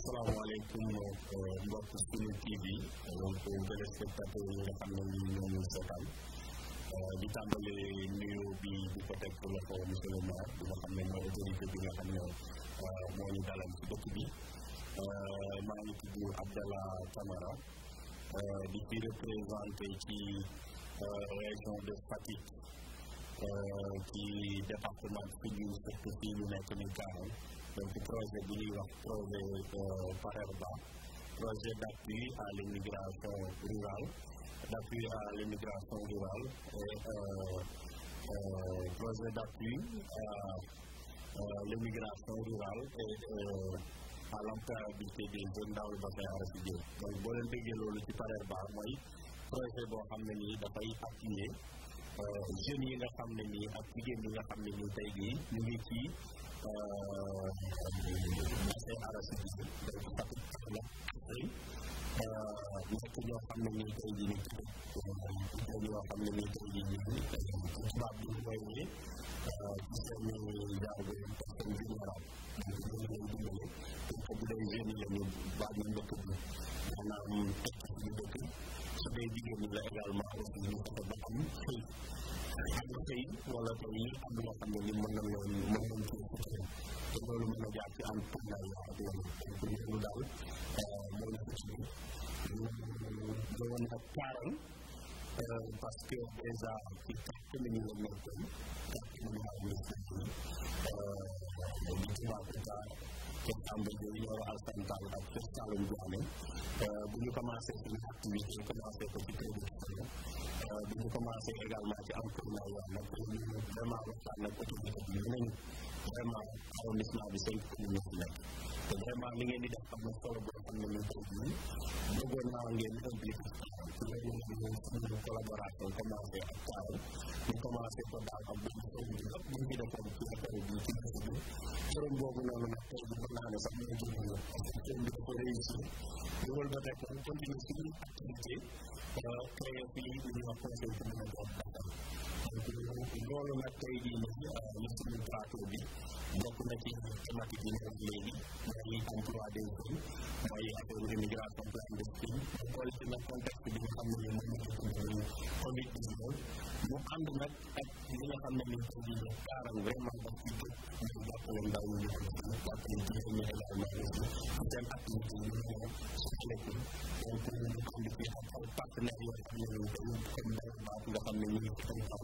asalaamaaleykum mbokk suñu TV donc téléspectateur yi nga xam ne ñu ñooñu di euh, tàmbale nuyo bi di ko teg loxo monsieur le maire xam ne mooy autorité bi nga xam ne euh, moo ñu dalal ci dëkk bi euh, maa ngi tudd Abdallah Camara di fi représenté ci région de ci département Foundiougne surtout fii ñu nekk ni Kaaràn donc projet bu ñuy wax projet euh, PARERBA projet d' à l' immigration rurale d' à l' rurale et euh, euh, à l' immigration rurale et à l'employabilité des jeunes dans donc boo leen déggee loolu ci PARERBA mooy projet boo xam ne nii dafay appuyer jeunes yi nga xam ne nii ak jigéen yi nga xam ne nii tey jii ñu ngi ci. marché arachidiste donc Fatick la xam ne nii tey jii ñu tudd ñoo xam ne nii tey jii ñu ci tubaab bi mooy ne ci seen jaar bi seen général donc ñoo ngi leen dimbale bu dee jeunes yi ñu baal su dee jigéen la également aussi ñu ba am xëy am tey wala tey am loo xam ne ni mën na leen mën nañ ci sutura te loolu mën na jaar ci am tàngaay yoo xam ne loolu daal euh, mooy nekk ci biir doon na taaral euh, parce que déjà ci carte la ñu leen nekkoon carte la ñu euh, am les di Toubacouta te Tamba Dieye Nioro Alassane Tall ak Saalum Diané bu ñu commencé seen activité commencé ko ci prévision bi ñu commencé également ci am tournage nag ñu vraiment waxtaan ak autorité bi ñu vraiment arrondissement bi cinq communes yi nekk te vraiment li ngeen di def am na solo boo xam ne ñu koy ji bëggoon naa ngeen impliqué ci loolu suñu collaboration commencé ak Kaaru ñu commencé ko daal ak benn forum bi lépp ñu ngi defoon ci affaire bi ci gis bi forum boobu noonu nag tey bi mën naa ne sax moo jëm ñu parce que forum bi dafa réussir ñu wol ba tey kon continuer suñu activité créé fii li ñuy wax conseil communautaire Dakar loolu nag tey jii nii suñu plateau bi bokk na ci thématique yi nekk léegi mooy emploi des jeunes mooy affaire immigration clandestine mu boole ci nag contexte bi nga xam ne ni moom la ñu covid 19 mu ànd nag ak li nga xam ne ni comme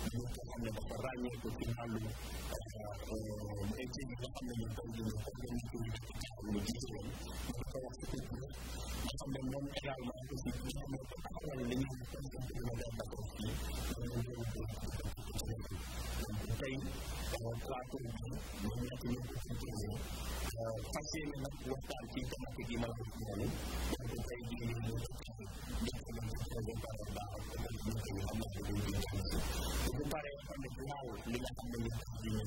ñi nga xam ne dafa ràññee ko ci wàllu métier yi nga xam ne ñoom dañu leen ko gën a ko xam ne jiite leen ñu ko wax ci culture nga xam ne moom également aussi bi nga xam ne dafa xamal li ñu xam ne comme que ñu ngi leen di tey euh, plateau bi ñu nekk ñu ko fi jëlee fas yéene nag waxtaan ci thématique yi ma la ko jëlee donc tey jii ñu ngi bu paree xam ne ginnaaw li nga xam ne ñu ngi ci ñu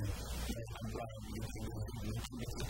ngi am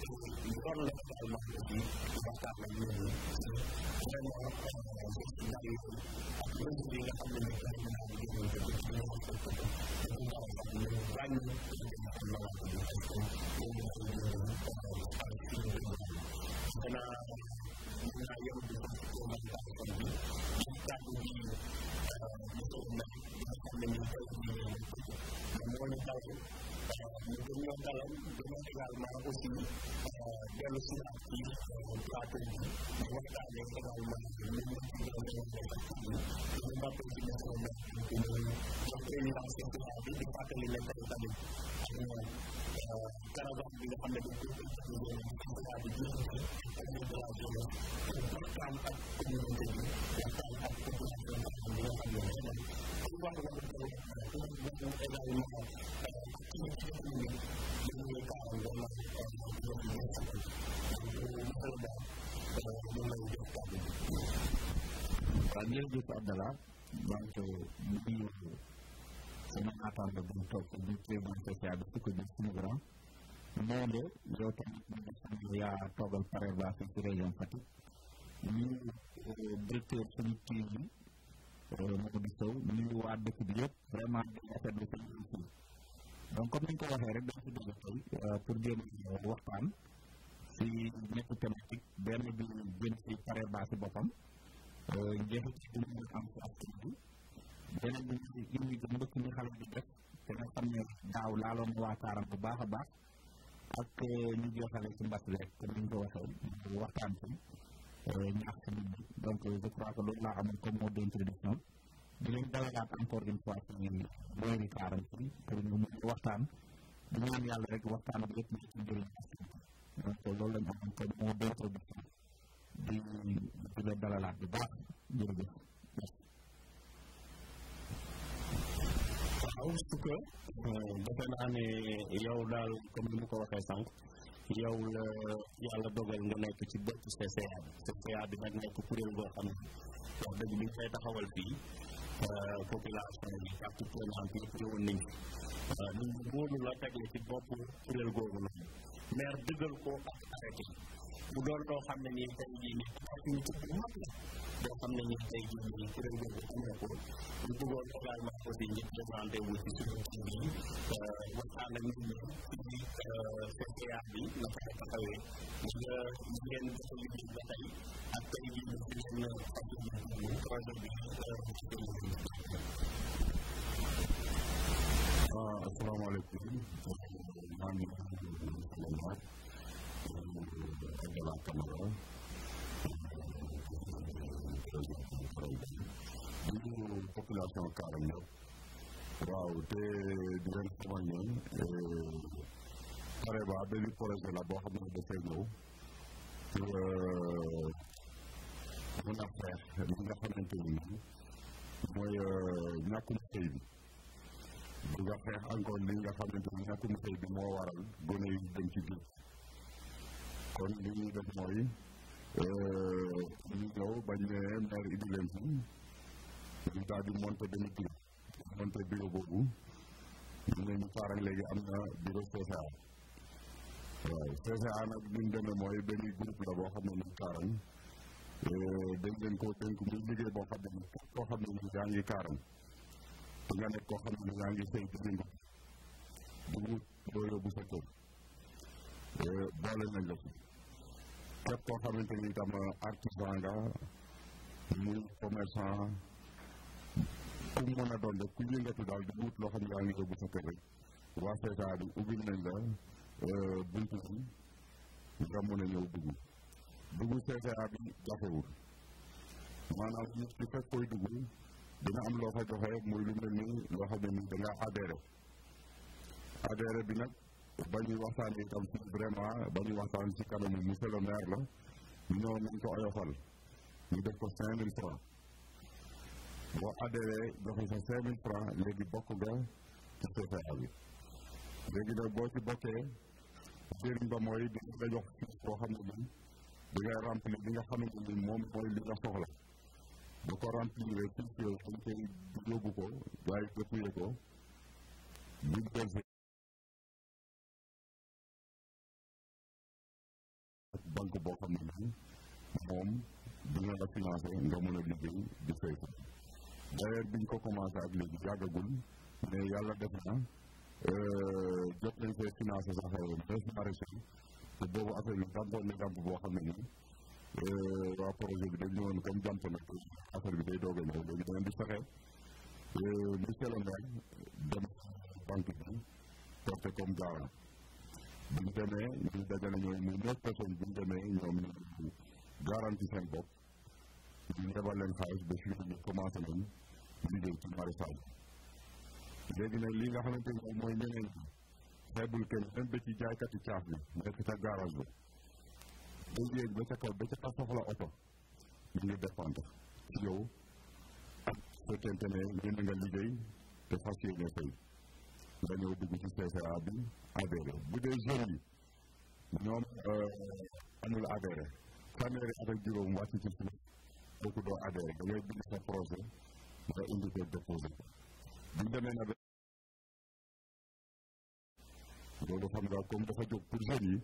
loolu la ko defal maa ngi yaakaar nañ ne nii vraiment jaay ak mesures yi nga xam ne nii jaay naa di génn dëkk ci ñoom seen dëkk dañu dara sax ñu wàññi li nga xam ne waa bi parce que loolu mooy ñoom ak suñu dëkk bi. mën naa mën naa yem di ko présentation bi ci kàddu bi monsieur Mbaye bi nga xam ne nii tey jii moo ñu dal ñu gën ñoo dalal a aussi dellu si waat ci plateau bi di waxtaanee également ñun di fàttali ne tey ak ñoom caravane bi nga xam ne dañ koy déglu di jéem a jéem a jéem a waxtaan ak communauté bi waxtaan ak population bi nga xam ne vraiment pour wàllu wàllu mbéy mi moom également ci ci jamono bi dañ koy taaral vraiment dañ koy jéem a jéem a jéem a jéem sama naataango bi ñu toog di président social bi sukk bi suñu grand yow tamit ñu ngi xam ne yaa toogal pare ba fii ci ñu euh, directeur suñu kii bi euh, Mamadou Sow waa dëkk bi yëpp vraiment di rafetlu seen liggéey donc comme ni ko waxee rek dañ si dugg tey euh, pour jéem a waxtaan si ñetti thématique benn bi jëm si pare ba si boppam njeexit bi ñu am si askan bi beneen bi ci li ñuy gën mbëkk mi xale bi def te nga xam daaw laaloon na waataaram bu baax a baax ak eh, ñu joxale ci mbas bi rek comme ni ko waxee waxtaan ci eh, ñaax ci nit ñi donc je crois que loolu laa amoon comme mot d'introduction di leen dalalaat encore une fois a yàlla rek waxtaan bi yëpp ñu ci njëriñ donc loolu lañ amoon comme mot d'introduction di di leen dalalaat bu baax jërëjëf taxaw su ko euh, defe naa ne yow daal comme ni mu ko waxee sànq yow la yàlla dogal nga nekk ci bopp CCA CCA bi nag nekk kuréel goo xam ne wax dëgg bi ñu koy taxawal fii euh, population bi partie prenante yëpp ñëwoon nañ ñu euh, wóolu la tegle ci bopp kuréel googu noonu maire dëggal ko ak arrêté mu doon loo xam ne nii tey jii nii activité mag te xam nañu ne tey jii nii kuréel boobu amee ko ñu bëggoon également aussi ñu présenté wu ci suñu kii bi waxtaan ak nit ñi ci CCA bi naka la taxawee ñu nga ngeen dafa liggéey ba tey ak tey jii ñu fi leen fàttali projet bi ci seen waaw asalaamaaleykum maa ngi leen di nuyu ak Camara ñu population Kaaram ñëpp waaw te di leen xamal ñoom Pareba benn projet la boo xam ne dafay ñëw pour mun a xeex li nga xamante ni mooy ñàkkum xëy bi. bu nga encore li nga xamante ni ñàkkum xëy bi moo waral gone yi dem ci géej kon li ñuy def mooy. ñu euh, ñëw bañ ne maire indi leen fi ñu daal di monté benn bureau monté bureau boobu ñu ne ñu léegi am na bureau CCA waaw CCA nag ni mu mooy benn groupe la boo xam ne ñu kaarañ euh, dañ leen ko dénk muy liggéey boo xam ne ni koo xam ne ni yaa ngi kaarañ te nekk koo xam ne ni yaa ngi sëy di yëngu di loo yóbbu sa kër euh, boole nañ la ci képp koo xamante ni tam euh, artisan nga muy commerçant ku mën a doon rek ku yëngatu daal di wut loo xam ne yaa ngi yóbbu sa kër rek waa CETA bi ubbi nañ la euh, buntu bi nga mën a ñëw dugg dugg CETA bi jafewul maanaam nit ki fekk koy dugg dina am loo fa joxe muy lu mel ni loo xam ne nii da ngaa adhéré bi nag ba ñuy waxtaan itam ci vraiment ba ñuy waxtaan ci kanamu monsieur le maire la ñu ñëw nañ ko oyofal ñu def ko cinq mille francs boo adhéré joxe sa cinq mille francs léegi bokk nga ci CFA bi léegi nag boo ci bokkee jëriñ ba mooy di nga jox fiche boo xam ne bi di ngay remplir li nga xamante ni moom mooy li nga soxla boo ko remplir fiche yooyu dañ koy yóbbu ko gars yi ko bu ñu banque boo xam ne nii moom dina la financé nga mën a liggéey di fay ko d'ailleurs biñ ko commencé ak léegi yàggagul mais yàlla def na euh, jot nañ fee financé sax euh, neuf maraîchers te boobu affaire bi jàmpoon na jàmp comme jàmp na affaire bi day doog a léegi danañ di fexe euh, monsieur le dem banque bi porté comme garant bu ñu demee ñu dajale ñoom ñu neuf personnes bu ñu demee ñoom ñu garanti seen bopp ñu lebal leen xaalis ba fii ñu commencé liggéey ci maraîchage léegi nag li nga xamante ne mooy ñeneen ñi xeebul kenn même ba ci jaaykati caaf bi nekk ca garage ba. day yéeg ba ca kaw ba ca kaw soxla oto ñu ngi dépendre ci yow ak fekkente ne jënd nga liggéey te fas yéene nga ñëw dugg ci CCA bi adhéré bu dee jeunes ñoom euh, amul adhéré fanweeri ak juróom wàcc ci suuf kooku doo adhéré da ngay bind projet nga indi ko déposé bu demee na loolu xam nga comme dafa jóg pour jeunes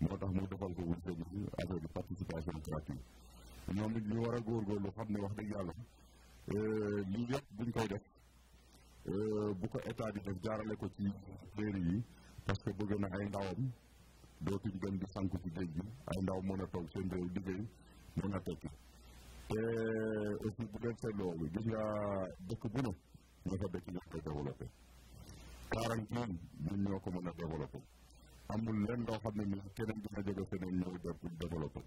moo tax mu defal ko wul jeunes yi affaire de ñoom it ñu war a góorgóorlu xam ne wax dëgg yàlla euh, lii yëpp buñ koy def Euh, bu ko état di def jaarale ko ci mairie yi parce que bëgg na ay ndawam dootuñ gën di sanku ci géej gi ay ndaw mën a toog seen réew liggéey mën a tekki te euh, aussi bu ngeen seetloo gis nga dëkk bu ne nga fa dëkk ñoo koy développé quarantaine ñun ñoo ko mën a développé amul lenn loo xam ne ni keneen dina jóge feneen ñëw def développé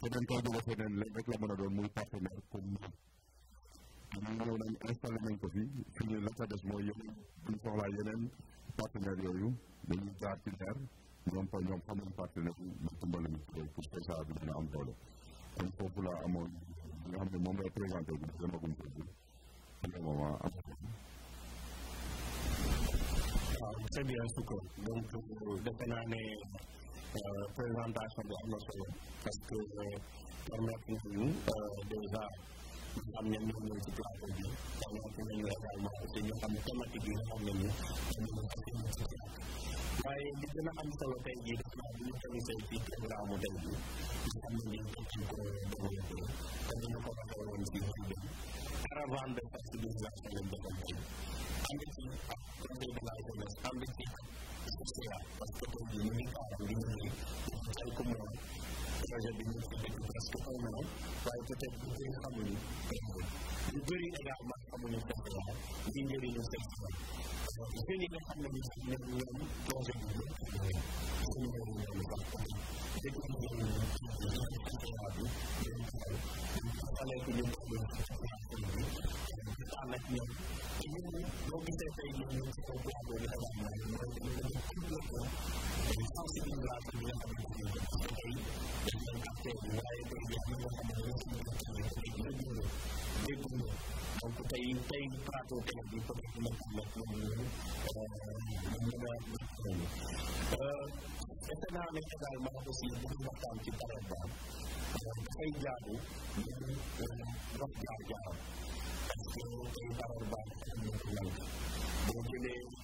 keneen koy jóge feneen leen rek la mën a doon muy partenaire comme ñu ñëw nañ installé ko fi fii nii la ca des mooy yeneen ñu soxlaa yeneen partenaires yooyu dañuy jaar ci leer ñoom pa ñoom xam nañ partenaire yi ñu dimbali ñu pour CSA bi am doole kon foofu laa amoon li nga xam ne moom a présenté bi demagum ko bi pour le moment am na euh, euh, solo parce que euh, permettre nañu déjà nga xam ne ñoom ñoo ci plateau bi daanaka ñoom également aussi ñu xam thématique yi xam ne nii dañoo ci waaye li gën a am solo tey jii dafa am lu ñu tënkee ci programme mu tey jii nga xam ci wàllu de sensibilisation lañ defal ci ak conseil de la jeunesse ànd ci ak que ñu ngi taaral projet bi ñu ngi ko presque un an waaye peut être ñu bëri xamuñu euh, ñu bëri également xamuñu li njëriñu jeunes yi nga xam ne ñoom ñoom projet bi ñoom suñu réew mi ñoom sax kon dëkk bi ñoom ñoom ñoom ci xalaat bi ñoom ci xel ñoom xale bi ñoom ci ñoom ci xalaat bi di tax nag ñoom te ñun boo gisee tey jii ñoom ci kaw plan boobu la wax mooy mooy dañu dañu complété sensibilisation bi nga xam ne ñu ngi ko tey dañu leen gàttee waaye tey jii am na nga xam ne ñoom suñu dëkk yi dañu leen déglu déglu donc tey tey plateau télé bi peut être dina permettre ñoom ñu mën a mën defe naa ne également aussi bu ñu waxtaan ci période ba dafay jaadu ñu wax jaar jaaram parce que tey période ba dafa am lu ko boo jëlee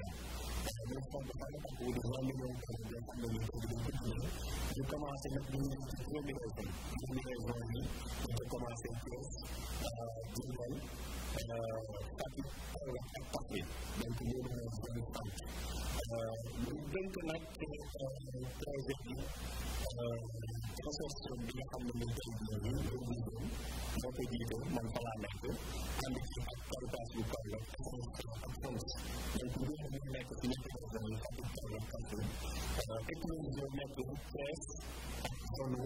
l'instant dafa am ak wu de vingt millions de xam ne ñu koy def ñu commencé nag ñu ngi ci première région première région yi ñu commencé Thiès Diourbel Fatick Kaolack ak Kaffrine donc loolu mooy zone tànk ñu dénk nag projet bi consortium bi nga xam ne mooy jëriñu bi moo ko jiite man fa laa nekk ànd ci ak Caritas bu Kaolack ak FONGIP donc loolu moo nekk ci ñetti régions yi Fatick Kaolack Kaffrine éclosion nekk Thiès ak zone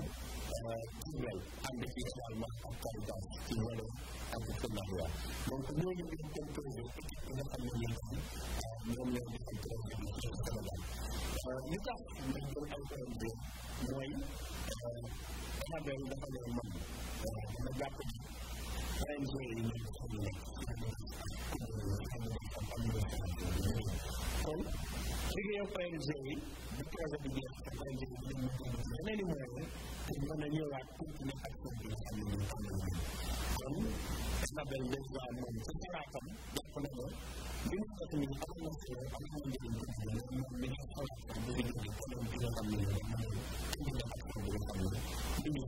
kuréel ànd ci également ak Caritas ci wàllu entrepreneuriat donc ñooñu ñoom seen projet équipe bi nga xam ne ñoom ñoom ñoo defal projet bi ci Sénégal li tax ñu jël ay ONG mooy xamal dafa ne man ma jàpp ni ONG yi ñoom xam ne kon liggéeyu ONG yi bu projet bi jeex ONG yi dañu ko yeneen i moyens te mën a ñëwaat continuer action bi nga xam ne ñu tàmbali kon Isabel déjà moom ci xalaatam jàpp na ne ministre bi amal na solo amal na njëriñ ci biir moom mi ngi xalaat bi ñu jóge kanam bi nga xam ne ñu mën a continuer action bi nga xam ne ñu ngi ci bi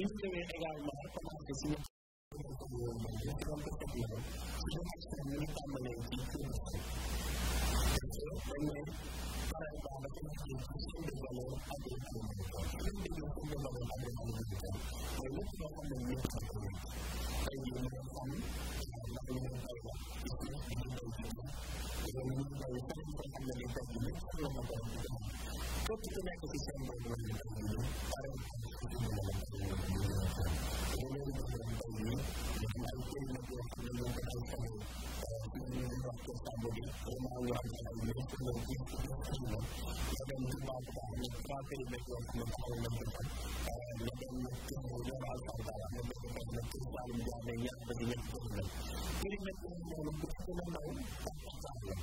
ñu ñëwee également commencé si ñu suñu action ñu tàmbalee ci kër para que nos impulsen de valor a que el alimento. Tienen que impulsen de valor a que el alimento. Pero yo trabajo en el mismo sentido. El dinero sano, la alimentaria, y si no es alimentaria, pero el alimentaria es una alimentaria, no es una alimentaria. képp ku nekk ci seen bopp la ñu koy ñu pare ci ñu la ñu koy ñu ñu ñu koy ñu ñu ñu koy ñu ñu ñu ay kër la yoo xam ne ñu ngi ay xale ci ñu ñu wax ko sàmm bi vraiment ñu am ay ñu ci ñu ci ci ci ñu la dem ci baax baax ñu trois kër la yoo xam ne taxaw na ñu tam la dem ñu ci ñu ñu laal sax dara ñu dem ñu ñu ci saal mu jaar ne ñaar ba di ñett kër la kër yi nag ñu ñu ñu ci ñu ndaw ak saal la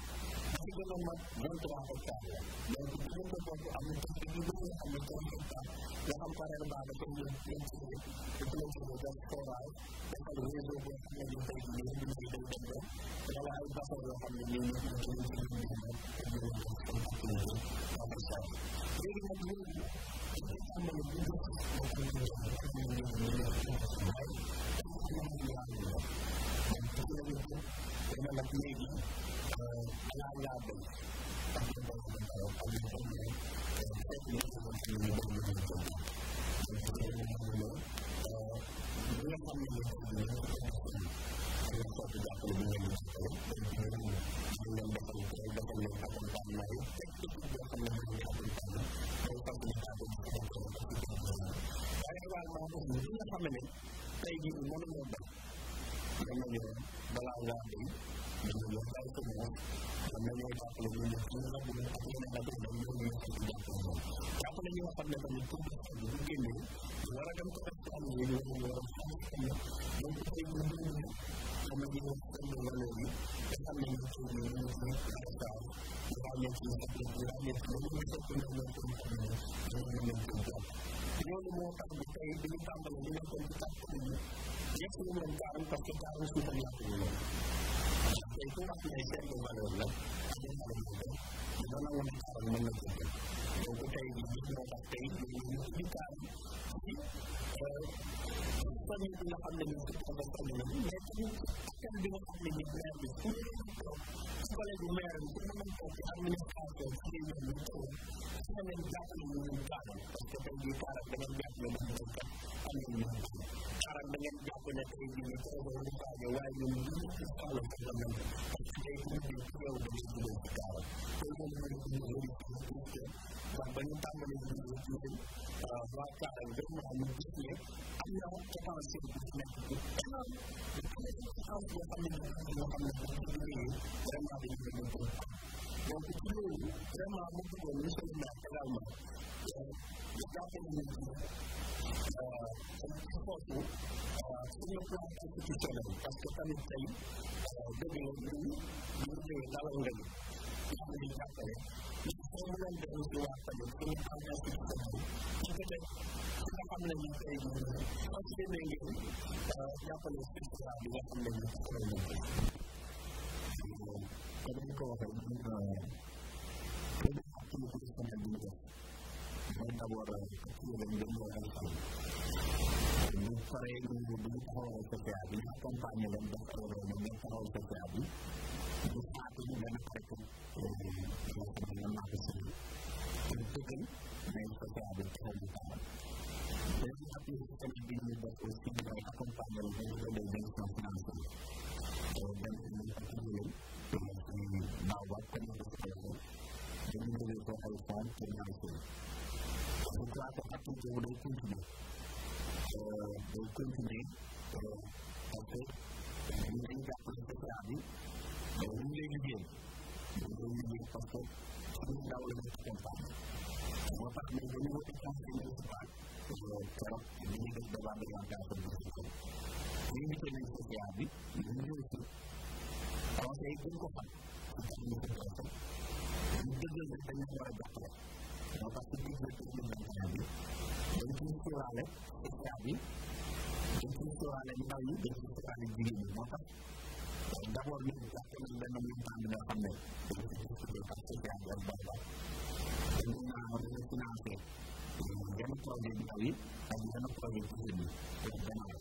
xam nga mat vingt trois hectares la donc bu ngeen ko bokk am na tax yu bëri yoo xam ne trois hectares yoo xam pareel baa dafay ñëw ñëw ci ñëw ci ñëw def forage defal réseau boo xam ne ñu koy ñëw ñu koy dem dem dem wala ay bassin yoo xam ne ñoo ñëw ci ñëw ci ñëw ci ñëw ak ñu leen def comme ak ñu leen dans le champ léegi nag ñun ci ñu tàmbali bu ñu def moo tax ñu def ak ñu ñëw ñu ñëw ci ñëw ci ñëw ak ñu ñëw ñu ñëw donc ci la ñu def dana nag léegi ñaar ñaar béy ak ñoom ñoo xam ne am nañu ko ñëw fekk nañu ko ñëw ñu bëri ñu bëri jëm donc loolu moom la ñu nga xam ne ñu bëri ñu ngi ko ñu ñu sotti jàppale bi ngeen di jàppale donc ñu ngi ñu leen defal ko defal leen accompagnement yi te équipe boo xam ne ñu ngi accompagné day facilitateur bi ko ko ko ci ko waaye également aussi ñi nga xam ne tey jii mënuñoo bay mën nañu balaa ngaa bay dañuy wax ay communes am na ñoo jàppale ñu ne ñu nga xam ne ak yeneen la doon dañ ñoo ñëw ci jàppale ñoom jàppale ñi nga xam ne tamit pour bu génnee war a dem ko ak am yi ñu ñu war a xam ne donc tey ñu ñu ñu xam ne ñu xam ne valeur yi te xam ne ñu ci ñu ñu ci résultat yi ràññee ci ñu xam ne ràññee ci ñu ñu sopp ñu ñu ko xam ne ñu ñu ñu ko jàpp loolu moo tax bu tey bi ñu tàmbalee ñu nekkoon ci tàpp ñu ñëpp ñu moom gaaw parce que gaaw su ko ñàkk ñu loolu tey ku nga xam ne seen bu valeur la ak xale bu bëri ñu doon nangu ne xaaral mën na jënd donc tey gis nga tax tey ñu ñu ñu kaar ci famille bi nga xam ne nii dafa am lu mais tamit askan bi nga xam ne nii maire bi ku ñu mën toog collège bu maire bi ku ñu mën toog ci administration ci réew mi ñu toog ci la leen jàppale ñu ñu baax parce que tey jii taarab da ngeen jàppale ñu ñu baax am na ñu baax taarab da ngeen jàppale tey jii ñu toog ñu baax waaye ñun ñu ñu ci soxla ci la mel parce que tey jii ñu ci réew dañu ci jëlee ci taarab tey loolu mooy ñu ñu ñu ñu ñu ndax ba ñu tàmbalee ñu ñu ñu waa taarab vraiment ñu gis ne Allah ta kawo shi da kuma kuma da kuma su ta kawo shi da kuma da kuma da kuma da kuma da kuma da kuma da kuma zama muku da nufin da kalama da zafin da kuma kafafu sun yi kuma da suke cewa da su kanin tsayi da da yin da da da ñu xool lan la ñu war a tamit suñu engagé ci Sénégal ñu ngi teg ci nga xam ne ñu tey jii nii fas yéene ngeen jàppale spécial bi nga xam ne ñu xool nañ ko. comme ni ko waxee ñu première activité bi ñu def mooy d'abord ci yeneen dañu war a bu paree ñu bu ñu taxawal CCA bi ñu accompagné leen def ay réunion ñu taxawal CCA bi ñu xaatu ñu benn xaritu yoo xam ne ñoom naa ko sëñ pour tëggal mais CCA bi taxaw ñu taxawal. léegi ak ñu ci tamit bi ñu def aussi mooy accompagné leen au niveau des institutions financières dem ci ñu accompagné leen baaw baaw comme ni ko si waxee dañu jógee ko ay fonds pour financer. je crois que activité bu day continuer day continuer parce que ñu ngi jàpp ci état bi ñu ngi lay liggéey ñu ngi lay liggéey parce que suñu ndaw la ñu accompagné moo tax mais dañu war a conseil municipal keroog ñu ngi def demande d'orientation bi ci kaw ñu ngi tënk ci état bi ñu ngi ñëw ci conseil bi ko xam ñu ko conseil ñu dëggal nag dañu war a jàppale moo tax ci biir bi dañ ciy sóoraale état bi dañ ciy sóoraale ndaw yi dañ ciy sóoraale jigéen ñi moo tax d' abord ñu jàpp nañ benn montant bi nga xam ne dañ ciy distribué par social wala bambam te ñu naan dañu financé yenn projet ndaw yi ak yenn projet jigéen ñi pour gannaaw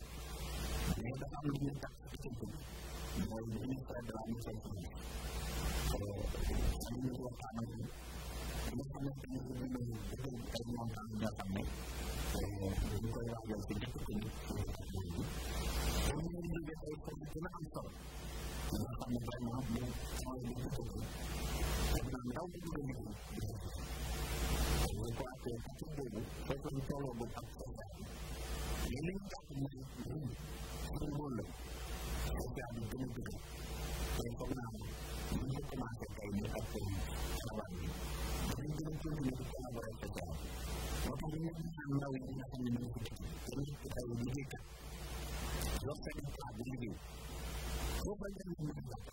mais dafa am lu ñuy tax ci tënk bi mooy ministère de la mission publique. nga xamante ni bii moom dafay ay montant bi nga xam ne dañ koy waajal ci dëkk bi ñu ngi def ay projet gën a am solo nga xam ne vraiment moom mooy li ci dëkk bi programme ndaw bi nga liggéey di ko def. je crois que partie boobu foofu ñu tolloo boobu ak programme bi mais li ñu jàpp mooy lii suñu rôle la programme bi gën a dëgër te foog naa ñu commencé tey ñu ak xabaar bi dañ koy dund ci collaborer sa jaam moo tax ñu naan ndaw yi nga xam ne ñu ngi ci dëkk bi dañuy liggéeykat yor seen place di liggéey foo ko jëlee ñu ngi bàq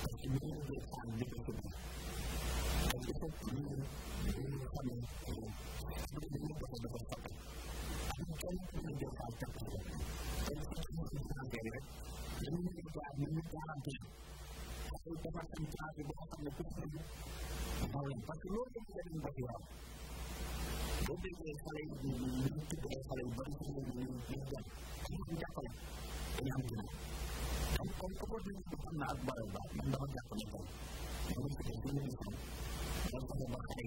parce que ñu ngi liggéey saa ñu liggéey ci biir parce que foofu ñu ngi ñu ngi xam ne ñu ngi ñu ko dafa soppi am kenn ku ñu jël saa jàpp ci rek kenn ku ci ñu ngi changé rek dañu ñu ngi jaar ñu ngi garantir parce que dafa am place boo xam ne pour xale parce que loolu dañu leen mbokk yi am boo déggee xale yi ñu ngi tudd ay xale yu bëri ñu ngi ñu ngi jàpp ñu ngi jàppale dañu am dina donc comme que boo déggee xam na ak baral ba man dama jàpp ne tey ñu ngi tudd ñu ngi xam ñoo fexe ba xale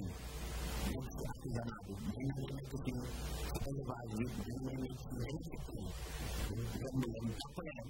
yi nekk ci artisanat bi ñu ngi nekk ci élevage bi ñu ngi nekk ci yeneen secteur yi ñu ngi leen jàppale leen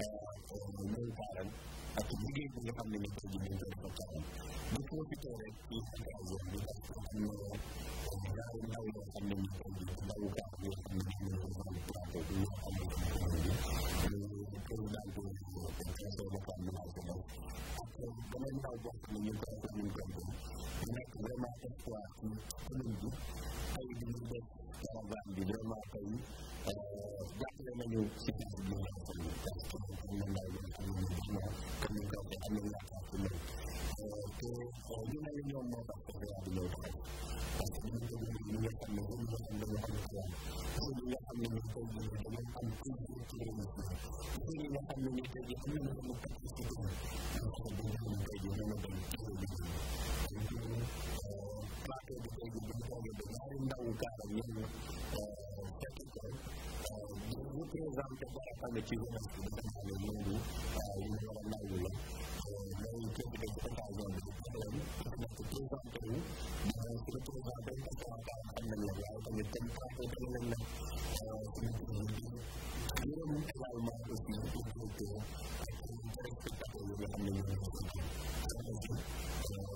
loolu taaral ak liggéey bi nga xam ne ni tey jii ñu ngi koy taaral bu profité rek ci xanaa yoon bi parce que am na ñaari ndaw yoo xam ne ni tey jii ndawu gaaf yoo xam ne ni ñu ngi wàllu plateau bi ñoo xam ne ni commune bi ñu président de conseil local de la jeunesse ak beneen ndaw boo xam ne ñu koy ñu koy nekk vraiment espoir ci commune bi tey bi ñu def programme bi vraiment tey jàppale nañu si kàddu gi nga xam ne parce que am na ndaw yoo xam ne vraiment comme ni nga ko am nañu yaakaar ci ñoom te ñu ne ñoom moo tax programme bi ñëw taxaw parce que ñu déglu ñu nga xam ne ñoom ñoo xam dañoo am xalaat pour ñi nga xam ne ñu tey jii dañoo am toujours ci réew mi pour ñi nga xam ne ñu tey jii am nañu xam ne participer ñu xam ne dañoo am tey jii mën a dem ci réew mi plateau bi tey jii bu ñu xoolee ba ñaari ndawu gaal ñëw fekk ko di représenté ko xam ci jeunesse bi dafa naa ne loolu lu ñu war a nangu la mooy profité ci occasion bi di xelal nekk présenté wu dinañ si représenté parce que waxtaan xam nañ la waaye tamit comme plateau dama leen nag suñu kër yi di gërëm également aussi le directeur ak les spectateurs yi nga xam ne ñoo ngi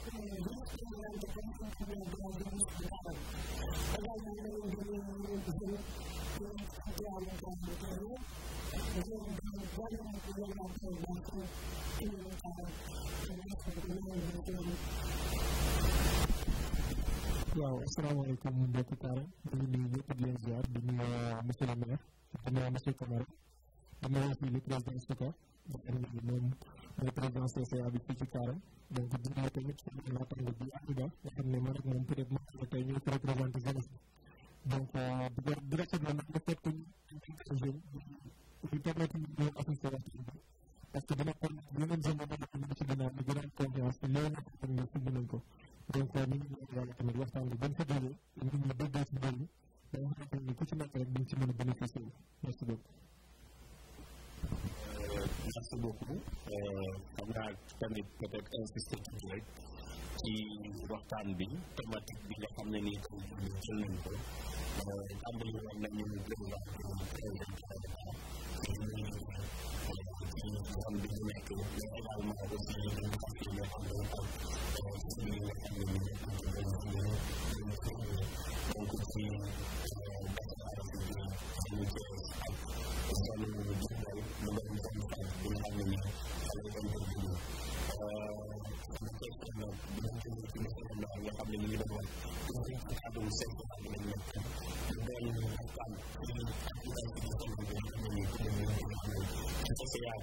waaw asalaamaaleykum mbokki taal ñu ngi nuyu ñëpp di leen ziar di nuyu monsieur le maire di nuyu monsieur Camara di nuyu aussi le président Soka di nuyu moom mooy président CCA bi fii ci Kaaral donc dundale tamit suñu naataango bi ànd ba nga xam ne man ak moom peut être moom la représenté jeunesse donc euh, di di nag le fait que ñu ñu jeune parce que dina permettre yeneen jeune ko tàmbali woon nañu président président bi ñu nekk mais également aussi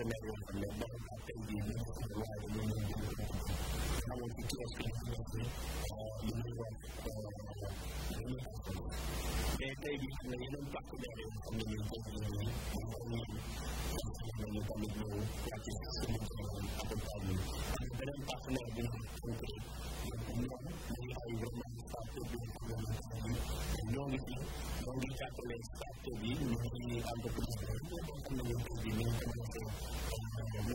partenaires yoo xam ne boo xam ne tey jii ñun ñu waaye dañoo mën a jënd xamoon ci kiosque yi nga xam ne li ñuy wax dañuy wax mais tey jii am na yeneen partenaires yoo xam ne ñuy jënd ñu ñu ko ñëw xam ne tamit ñëw wàcc suñu programme accompagné am na beneen partenaire bi nga xam ne donc ñoom dañuy ay vraiment start-up bi nga xam ne ñoo ngi ci ñoo ngi jàppale start-up yi ñu ngi entreprise yoo xam ne ñoo ngi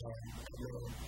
Thank you.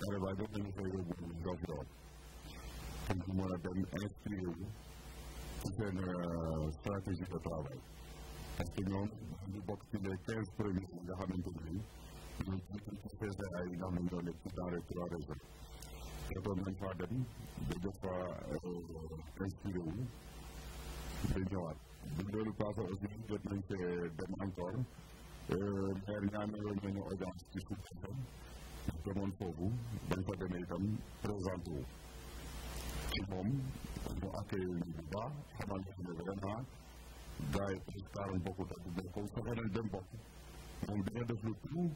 Daraba jot nañu fa yóbbu Ndiob pour ñu mën a dem inspiré wu ci seen stratégie de travail parce que ñoom ñu bokk ci les quinze premiers yi nga xamante ne nii ñoom ci ci CCA yi nga xam ne ñoo nekk ci dans les trois régions. jotoon nañ faa dem ba jot fa inspiré wu ba ñëwaat. bu loolu passé aussi jot nañ fee dem encore. maire ñaaneeloon nañu audience ci suuf si tam demoon foofu dañ fa demee itam présenté wu moom ñu ak bu bokk comme fexe dem bokk moom dafa def lu tout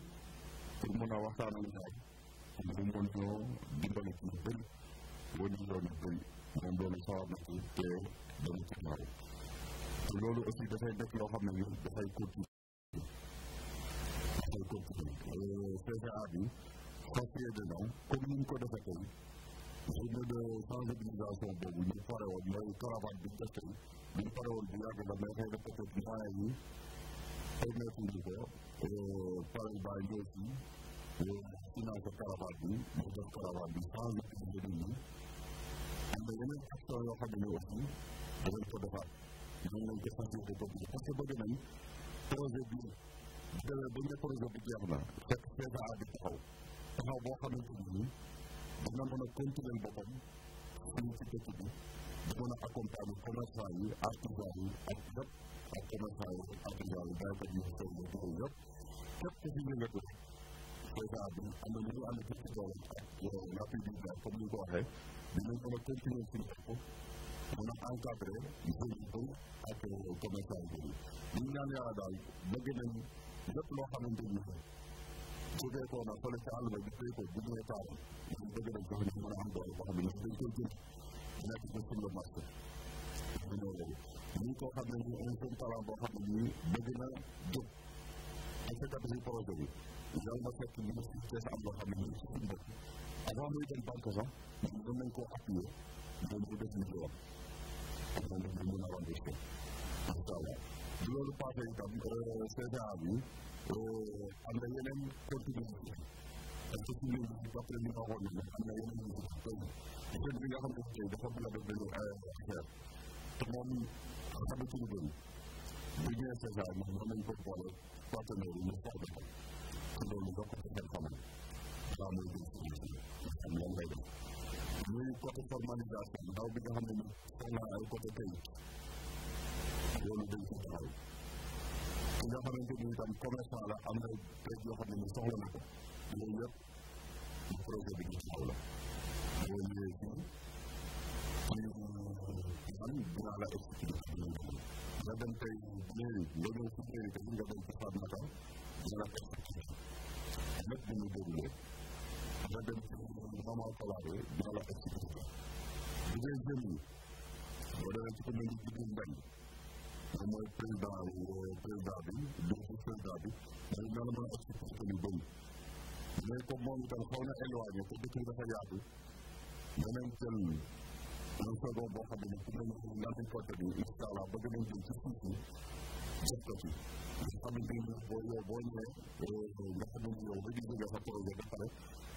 pour mën a waxtaan ak ñoom ñu mën ñoo dimbali ci lu bëri wane ñu moom loolu sawar na ci te dana ci ñaaw loolu aussi dafay nekk loo xam ne dafay continuer koy continuer CGA bi sacré dedans comme ni ko defee tey journée de sensibilisation boobu ñu pare woon mooy caravane bi def tey bi ñu pare woon bu yàgg la mais xëy na peut-être moyen yi permettre ñu ko pare baa ñëw si financé caravane bi ñu def caravane bi sensibiliser nit ñi am na yeneen action yoo xam ne aussi dinañ ko defaat dinañ ko sensibiliser parce que bëgg nañ projet bi demee ba ñu projet bi jeex na fekk CSA bi taxaw taxaw boo xamante ni nii dina mën a continuer boppam fii ci dëkk bi di mën a accompagner commerçant yi artisan yi ak yëpp ak commerçant yi artisan yi baykat yi seen yëpp yëpp képp ku fi yëngatu CSA na lu ñu nga ko a continuer suñu bopp a encadrer lépp loo xamante ni su fekkoo nag fële ca àll ba gis ko bu ñëwee taal ñoom dëgg lañ ko mën a am doole boo xam ne ñoom dañ koy jël nekk ci sur le marché. ñu koo xam ne ñu am seen talent boo xam ne ñu bëgg na jóg ak sa kàddu si projet bi yàlla na fekk ñu si kees am loo xam ne ñu ci suñu bopp avant muy dem banque sax ñun mën nañ koo appuyer ñoom ñu def liggéeyam ak ñoom ñu mën a rendre incha allah bi loolu passé itam euh, CDA bi euh, am na yeneen continuation parce que si ñun d'après li ma waxoon ne am na yeneen a bëri bi nga xam ne tey dafa bëgg a def benn euh, affaire te moom xamul ci lu bëri bu ñëwee CDA bi mën ko boole partenaire yi ñu ko defal te loolu bokk ci seen xamal daa mooy jëm si ñu xam lan lay def muy côté formalisation ndaw bi nga xam ne soxla ay loolu dañ ko taxaw ki nga xamante ni itam commerçant la am na béréb yoo xam ne ni soxla na ko loolu yëpp projet bi ñu taxaw la. loolu yëpp fii nga dem tey mairie nga ñëw ci nga dem ci Fatou Nakar dina la dina la expliqué bu dee jeunes yi boo demee ci commune bi Mbembe. moom mooy président président bi directeur président bi mooy dana mën a expliquer lu bëri mais comme moom itam xaw na éloigné te dëkk bi dafa yaatu danañ jël un second boo xam ne pour ñu naan ñu côté bi incha allah bëgg nañ jël ci suuf bi jëf ko ci nga xamante ni boo yow boo ñëwee eh, nga xam ne yow dañuy jóge sa projet ba pare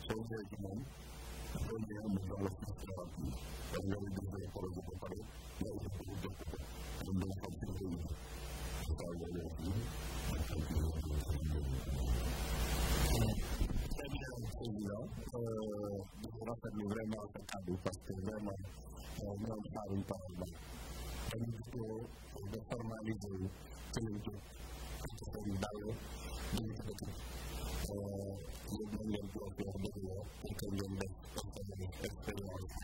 soo ñëwee ci moom soo ñëwee mu jox la suuf si garanti parce que nga projet ba pare nga ut ko rafetlu vraiment sa kàddu parce que vraiment ñoom xaaruñ parole ba dañu gis ko de formalisé wu ci lañ jóg ci seen dàll dañ ko bëgg yéen dañ leen di wax wax dëgg pour que ngeen def expérience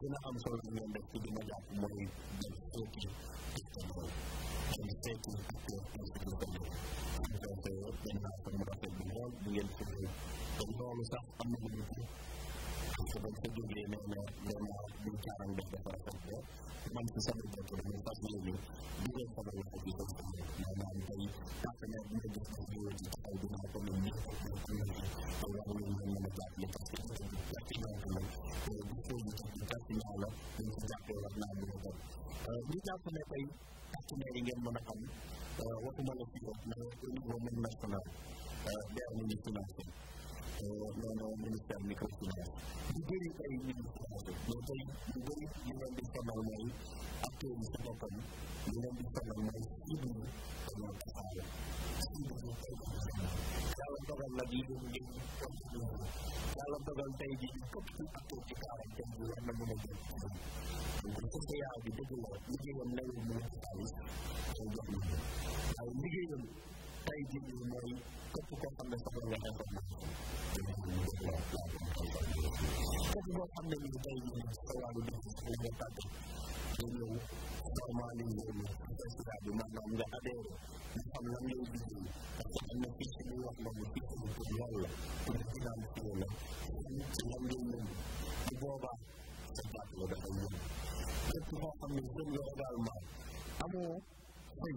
dina am solo li ngeen def ci li ma jàpp mooy dem seeti dëkkandoo dem seeti loolu sax am na lu ñu su bañ ko jógee nee na nee na buñ caaram def dafa rafet ba man ci sama bopp dama fas yéene dugal sama loxo ci sama maanaam tey partenaire bi ma gis ko ñëw ci taxaw dinaa ko mën ñëpp ñëpp ñëpp war nañ leen mën a jàppale parce que ci bi pertinent la te dispositif bi pertinent la buñ ci jàppee war naa mën a dem ñu jàpp ne tey partenaires yi ngeen mën a am waxuma la fii mais au niveau même national DER mi ngi financé maanaam ministère microfinance bu si boppam ñu leen di sonal mooy cible dañoo taxaw cible ñu koy yàlla dogal nag li ngeen ngeen continué yàlla dogal tey ci acteur ci quarantaine war na mën a jël donc social bi a jox ñu waaye liggéeyam tey jii nii mooy képp koo xam ne sax nga xam ne képp koo xam ne nii tey jii nii sa wàllu def la nga tàggat nga ñëw vraiment li ñu yëngu festival bi maanaam nga adhéré nga xam lan ngay liggéey parce que am na fii ci li wax noonu fii ci pour lan la pour financier la ci lan ngay yëngu bu boobaa sa jàpp la dafay yëngu képp koo xam ne jëm nga également amoo xëy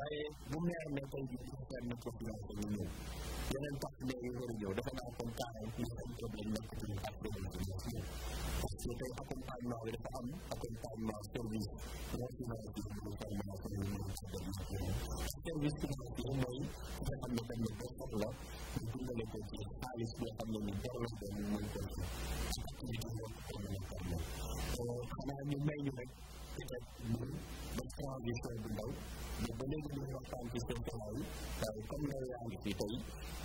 waaye bu meer ne tey jii dafa seet na population ñu ñëw a ñëw dafa naa comme parent ñu seen problème nekk ci ak ñëw ko ci xaalis boo la ko ñu mën ko ci activité boobu a euh, xanaa ñu may ñu rek peut-être ñu ba transition bu ndaw mais ba léegi ñu waxtaan ci seen taxaw yi waaye comme loolu yaa ngi fi tey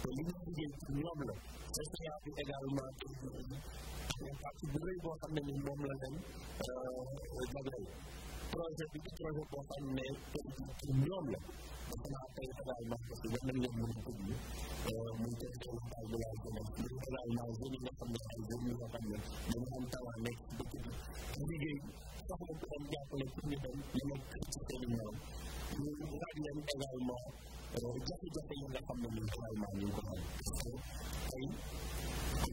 te li ñu liggéey ci ñoom la CCA bi également tey partie bu rëy boo xam ne ni euh, ñoom la dafa naa tey également parce que war nañ leen mën a tudd laay gën a mais également jeunes yi nga xam ne ay jeunes am talent nekk liggéey taxaw di leen jàppale pour ñu dem ñu mën kër ci seen i morom ñu laaj leen également euh, jafe-jafe yi nga xam ne ñun également ñu ngi ko am parce que tey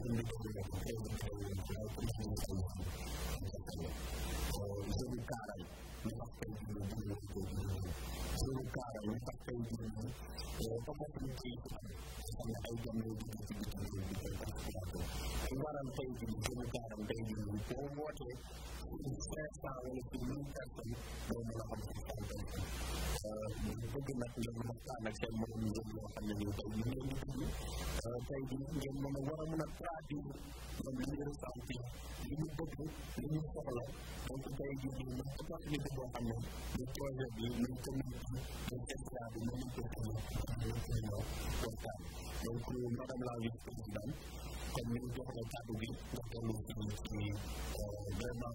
ñu ngi ko def présenté wu ñu waaye euh, tax tey jii ñu ngi tax tey jii ñu euh, xam ne ay jam lay dugg ci bitim réew bi koy tax yaatu li waral tey ji li gën a gaaram tey ji nii boo wootee ci cinq cent wala ci mille personnes doo mën a xam ci cent personnes ñu bëgg nag ngeen waxtaan ak seen morom ngeen yoo xam ne nii tey ñu ngeen di dugg tey ji ngeen mën a war a mën a traduire ñoom li ñu ressentir li ñu bëgg li ñu soxla donc tey ji nii man opportunité boo xam ne ñu projet bi ñu commune bi ñu SDA bi ñu ngi ko waxtaan donc madame la vice-présidente comme ni ñu joxee kàddu gi nga toll ci vraiment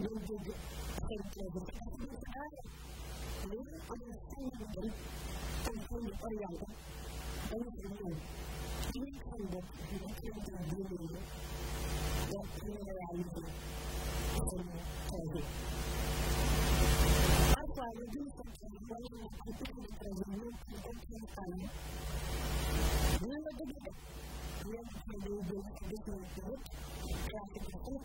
ñoom dégg seen projet bi parce que dañu am comme orienté dañu ko ñëw ci ñi xam bopp ñu xamante ne bii nii donc ñu ngi réalisé seen projet. parfois ñu gën a soxla wala ñu am tuuti projet ñoom ci comme seen xale ñu la dëgg ko ñoom ci ñu jël ci dëkk yëpp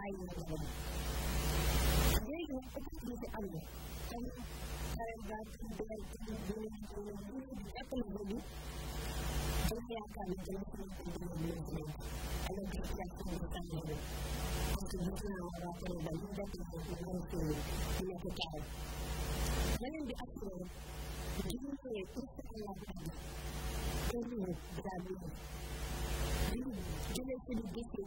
bàyyi la ko léegi nag état bi fi am na kon par exemple dañu doon dañu doon jàppale boobu dina yaakaar ne dina ko mën a déglu dina ko mën a déglu alors que situation bi parce que gis naa waa Sénégal ñu jàppale ko ñu mën ko ñu ko caaw. leneen bi ak loolu gis nga ne incha allah daal di indi ñu jëlee seen i dossier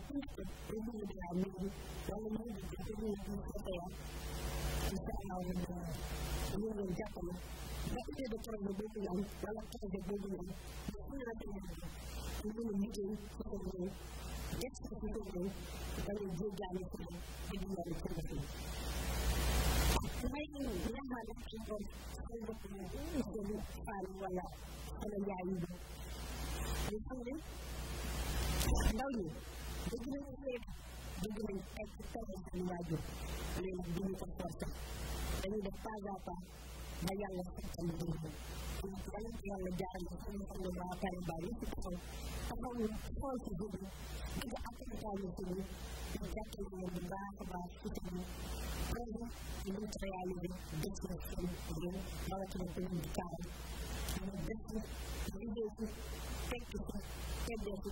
au niveau de la mairie wala mairie bi di jëlee ñu CCA incha allah ñu leen jàppale ndaxte de projet boobu ñu am wala projet boobu ñu am ñu mën a liggéey ci seen réew def ci seen réew wala jéggaani ci di di yàlla ci réew may ñaxaale ci bopp seen bopp seen faanu wala seen njaayi bi ñu xam ne ndaw ñi dëgg nañu seet dëgg nañu ay taw seen waajur mais nag duñu ko forcer dañuy def pas à pas ba yàlla xam ne dëgg yàlla yàlla jaarale ko xam ne waa Taliban ñu ci taxaw taxaw ñu xool ci dëgg di nga accompagner ci ñu ñu jàppale leen bu baax a baax ci ci ñu projet ñu ko réaliser def na seen réew rawatina commune bi Thiaroye ñu def liggéey ci fekk sax tendeesu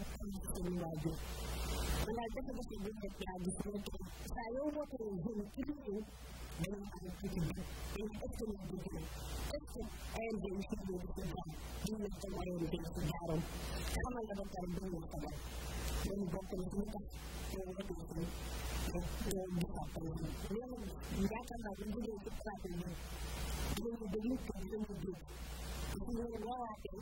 am lu waa jur wala jafe-jafe bu nekk laa gis rek saa yow wootee jeune ci réew dañoo am tuuti bi dañu expérimenté jël est ce que ANG yi si ñëw di si daan ñu nekk comme ANG yi si daaroon te xamal la ba pare bu ñu xamal loolu bokk na ci tax yow wootee si yow di fàttal loolu yaakaar naa bu ñu jógee ci pratique bi dinañu déglu te dinañu dégg su ñu waawaatee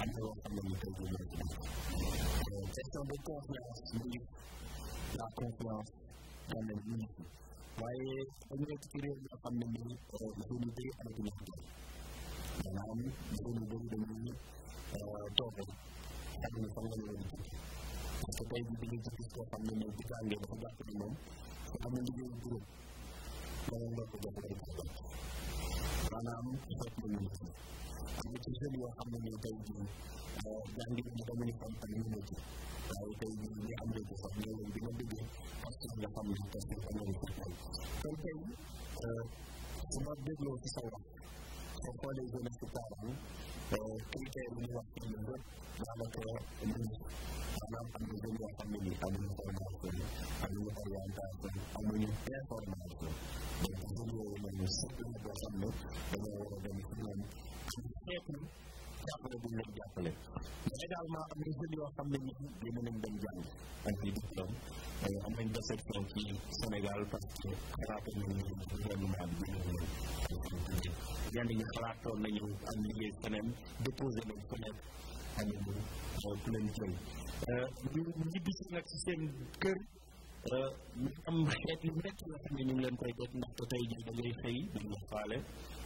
am na loo xam ne ñu koy jëmale ci dëkk. question de confiance mu ngi la confiance daan nañu mu ngi fi waaye dañu nekk ci réew yoo xam ne nii zone yu bëri amatuñu ko tey maanaam zone yu bëri dañuy toog rek xam ne fan la ñu leen di parce que tey jii dañuy gis koo xam ne nii bu jàngee dafa jàpp ne moom su amee liggéey bu gërëm loolu la ko jox la ko jox maanaam xeet nañu am ci jeunes yoo xam ne nii tey jii jàng bi dafa mën a xam ñu mujj waaye tey jii ñi am rajo sax ñoo leen gën a déggee parce que nga xam ne parce que am nañu football kon tey su ma dégloo ci sa wax soo xoolee zone su Paaran critère yi ñu wax ci ñun yëpp daanaka ñu maanaam am na zone yoo xam ne nii amuñu formation amuñu orientation amuñu information donc zone yooyu noonu surtout boo xam ne dañoo war a dem ci ñoom xeetu jàppale bu ñu leen jàppale mais également am na jeunes yoo xam ne ñi génn nañ dem jàng am ay diplôme am nañ am xeet yu métti yoo xam ne ñu ngi leen koy def ndaxte tey jii da xëy duñu faale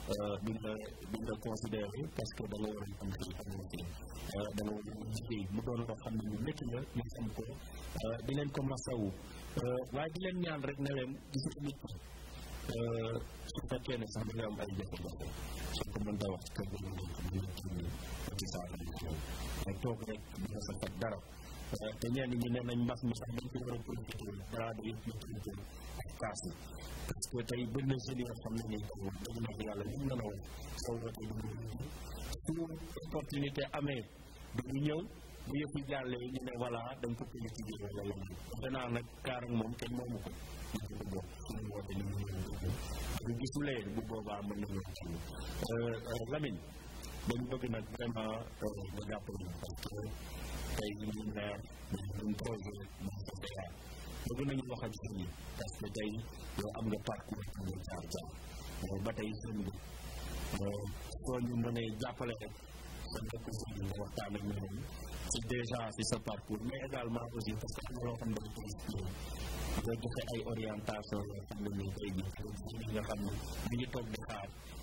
Euh, bi nga bi nga considéré parce que da nga war a am xel euh, am na a liggéey mu la ñu xam ko euh, di leen ko masawu waaye di leen ñaan rek ne leen di si nit su fekkee ne sax da nga am ay jafe-jafe soo ko mën wax ci kër ga nga ne toog rek di sa faj dara te ñenn ñi ne nañ mbas mi sax dañ ko war a profité dara da yëpp ñu kaas yi parce que tey bëri na jeunes yoo xam ne nii dëgg na yàlla li mu mën a wax soo wootee du mu ji su opportunité amee dañu ñëw bu yëpp jàllee ñu ne voilà dañ ko politiser wala yoon bi defe naa nag kaar ak moom kenn moomu ko ñu ko bokk suñu woote li mu mën a bu gisulee bu boobaa mën nañu ci euh, Lamine dañu bëgg nag vraiment euh, nga jàppale parce que tey ñu ngi naan ñun projet ñu ngi ko bëgg nañu wax a sëñ yi parce que tey yow am nga parcours am nga jaar jaar ba tey sëñ bi soo ñu mënee jàppale rek sa mbokk sëñ nga waxtaan ak ñoom ci déjà ci sa parcours mais également aussi parce am na loo xam ne dafa inspiré nga joxe ay nga xam ne ngi toog di xaar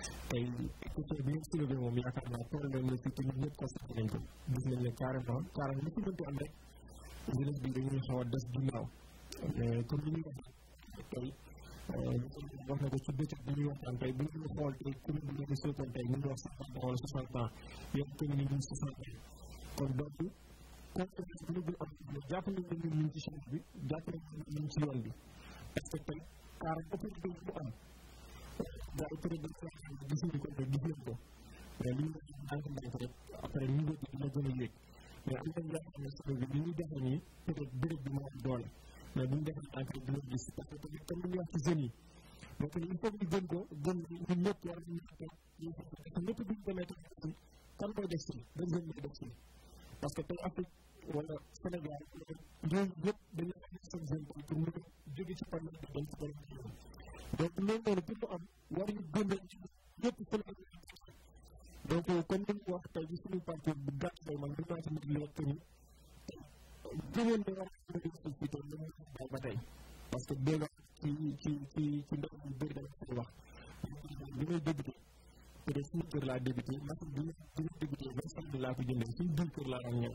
tey question bi ñu si levé moom yaakaar naa problème la fii tamit ñëpp ko gis nañ ne carrément lu ci mënti am rek jeunesse bi dañuy xaw des ginnaaw mais euh, comme li euh, bi kon donc bi ñu gën am jàpp nañ ñu ngi ci chemin bi jàpp nañ ñu ngi ci yoon bi parce que tey carrément opportunité bu am daa ay produits yoo ko te gisuñu ko mais li ñu def ndànk a yéeg ñu defee nii peut être béréb doole mais bu ñu defee ndànk rek dina gis parce que tamit yi def si parce que tey Afrique wala Sénégal réew yëpp dañu am seen jeune pour ñu ci problème bi dem ci problème bi donc loolu noonu pour mu am war ñu génne ci donc comme ni mu wax tey ji suñu parcours bu ba tey parce que dégg ci ci ci ndox yu bëri dama koy wax bi may débuté peut-être suñu kër laa débuté masin ko jëndee suñu biir kër laa am ñëw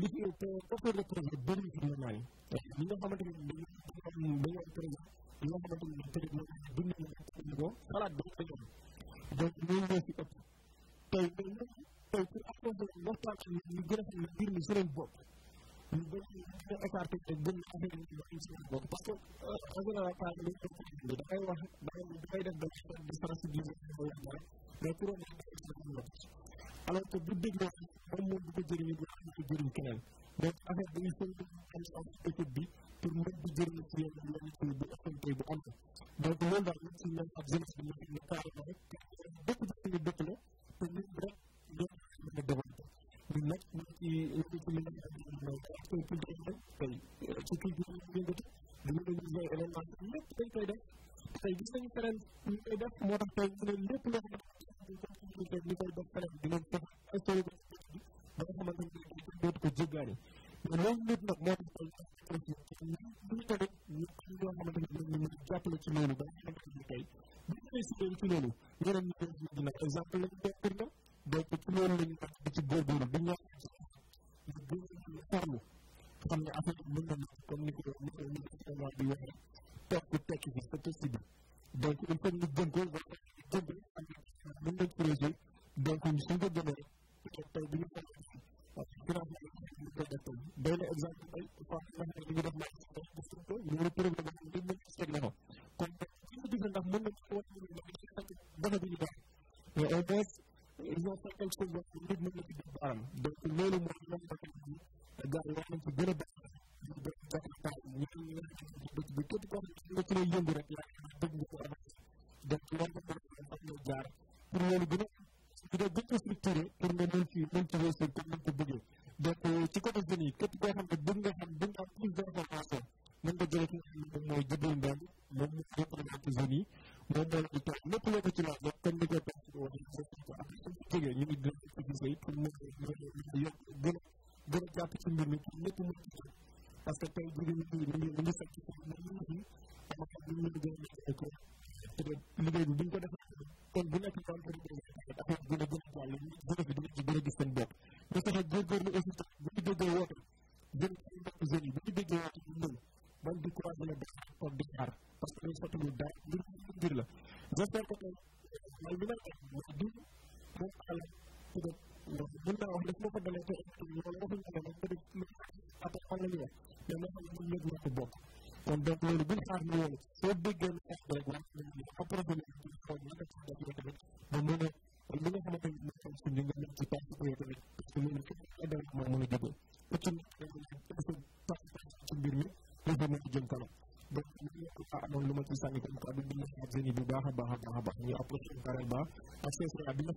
li ci aucun projet bëri fi ñu naan ñi nga xamante ni dañuy dañuy dañuy am projet ñi nga xamante ni peut être moom bind na ko ko xalaat ba ko ñoom donc ñooñu ñoo ci ëpp tey tey tey pour approcher waxtaan ak ñu gën a xam ne mbir mi si lañ bokk ñu gën a écarté te gën a affaire yi ñu si lañ bokk parce que en général par exemple dañ koy wax dafay def benn sensibilisation mais pour alors que bu dégloo moom moom du ko jëriñu bu xam ko jëriñ keneen donc affaire bi ñu équipe bi pour mën di jëriñu ci yenn yenn ci bu ëppante bu am donc loolu daal ñu ci même ak jeunesse bi ñu ne carrément rek dëkk bi suñu dëkk la te ñun rek ñoo mën a développé ñun nag ñu ci ñu ci li nga xam ne tey ci culture yi ñu yëngatu dañu ne ñu ay événement lépp dañ koy def tey gis nañu keneen ñu koy def moo tax tey ñu ne lépp loo xam ñu li koy def feneen di ci dëkk bi ba nga xamante ni day dem dootu ko jéggaane mais loolu nag moo tax tey ñu tamit ñu ñoo xamante ni ci loolu ba nga xamante ni loolu ñeneen ñu def ñu dina exemple lañu doon pour na ci loolu la ñu di ci ci ñu gën a farlu xam ne bi waxee toog tekki bi donc il faut ñu gën ko ba xam donc suñ ko gënee tey bi ñu ko financement bi ñu koy def tey doy na exemple tey ñu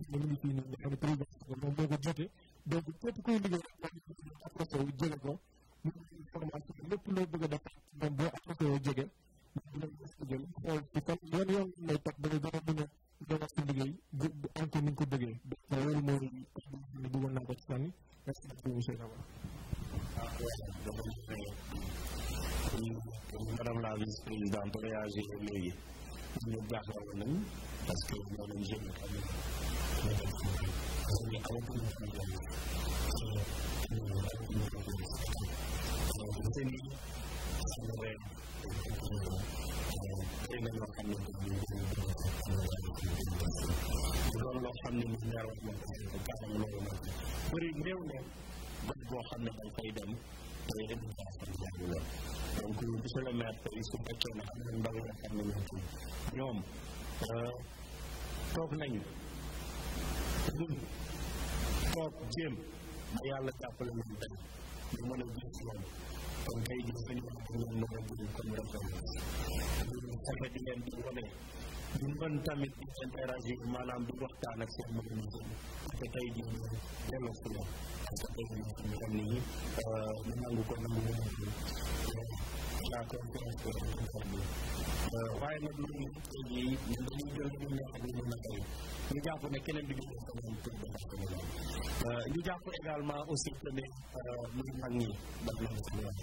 moom la ñu ciy ñëw nga xam ne président loolu loo xam ne ministère wax na ko bu néew na gox boo xam ne dañ fay dem tey éducation jàng la donc monsieur su fekkee ne na ndaw yoo xam ne ñoom toog nañu toog jéem ba yàlla jàppale ñu dem ñu mën a gis yoon kon tey jii suñu waxtaan bi ñu ngi leen di wane ñu mën tamit di maanaam di waxtaan ak seen mbokku musulmi te tey jii nangu ko ko la waaye nag loolu tey a tey ñu jàpp ne keneen bi ñu ko jàpp également aussi que ne muy mag ñi ba ñu jeunes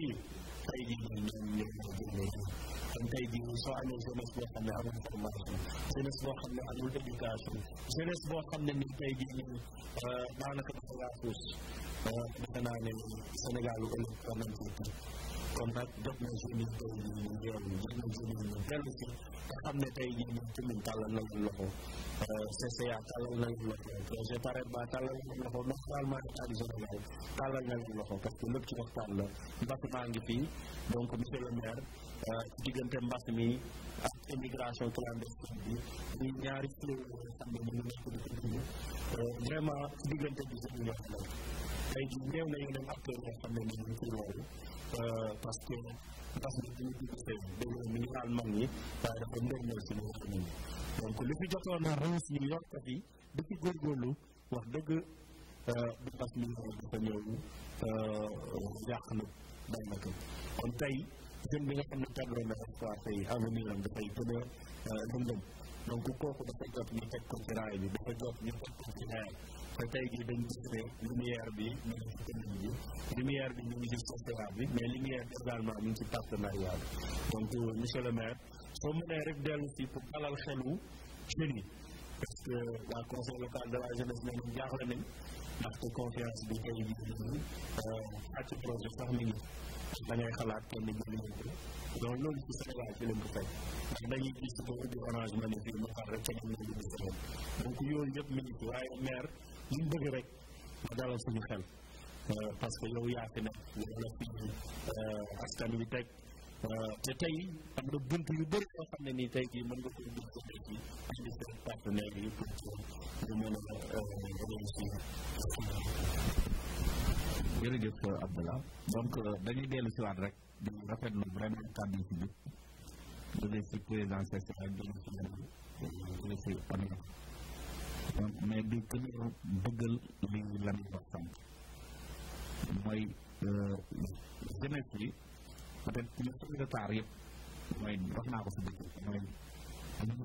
yi tey jii ñoom ñoo kon tey jii soo xam ne amul formation jeunesse boo xam boo xam ne ni tey jii nii euh, daanaka dafa euh, lu na jeunes yi tey na jeunes yi ñu na leen loxo euh, CCA tàllal na leen loxo projet PAREMBA na leen loxo normalement état du Sénégal tàllal na parce que lépp ci waxtaan la mbas fii donc monsieur le maire diggante mbas mi ak immigration clandestine bi ñuy ñaari flow yoo xam ne ñu nekk di ko vraiment ci diggante bi sax na yeneen acteurs yoo xam ne ñu ngi ci loolu euh, parce que mbas mi dañu fi jotoon a réussir ñu yor ko di ci góorgóorlu wax dëgg euh, bu mbas mi dafa ñëw euh, yàq na daanaka kon tey gën bi nga xam ne tàggoo na espoir dafay gën a lëndëm donc kooku dafa jot ñu teg ko ci raay bi dafa jot ñu teg ko ci raay te tey jii dañ gis ne lumière bi ñu ñu ci social bi mais lumière également ñu ci partenariat bi donc euh, monsieur soo mënee rek dellu si pour dalal xelu jeunes parce que waa conseil local de la jeunesse nee nañ jaaxle nañ ndaxte confiance bi tey jii ñu ngi euh, projet sax mi ngi da ngay xalaat kenn jëriñu ko donc loolu ci Sénégal ci lañ ko fay ndax dañuy gis ko ubbi yooyu yëpp mi waaye maire li bëgg rek mu dalal suñu xel euh, parce que yow yaa fi nekk yow la fi euh, askan wi teg euh, te tey am na bunt yu bëri yoo xam ne nii tey jii mën nga ko ubbi ko tey jii indi seen partenaire yi pour ñu mën a réussir jërëjëf Abdallah donc euh, dañuy dellu si rek di rafetlu vraiment kàddu si bi si président CCR jóge si jóge si amee donc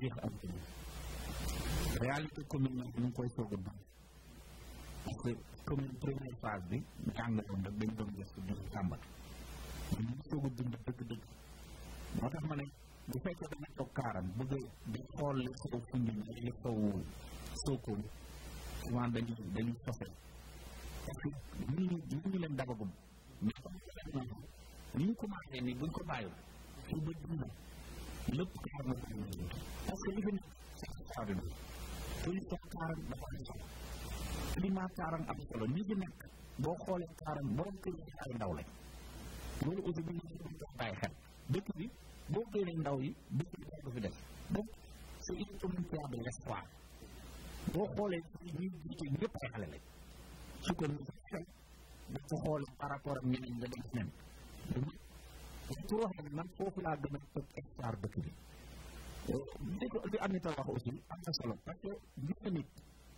euh, si am réalité commune ñu koy soog a parce que première première phase bi ñu àndaloon rek dañu doon gëstu di jàmbat ñu ngi soog dund dëgg-dëgg moo tax ma ne bu fekkee da nga kaaram bëgg di xool li xew fundi bi li xew sookoon souvent dañuy dañuy sose parce que mënuñu ñu ko bàyyiwul fii dund lépp kaar dafa am solo climat Kaaràn am solo ñi ci nekk boo xoolee Kaaràn borom kër yi ay ndaw lañ loolu aussi bi ñu ci doon bàyyi xel dëkk bi boo génnee ndaw yi dëkk bi dafa fi def donc boo xoolee par rapport ak ñeneen nga dem nen pour waxee ne man foofu laa gën a tëb espoir dëkk euh, li am na solo parce que gis na nit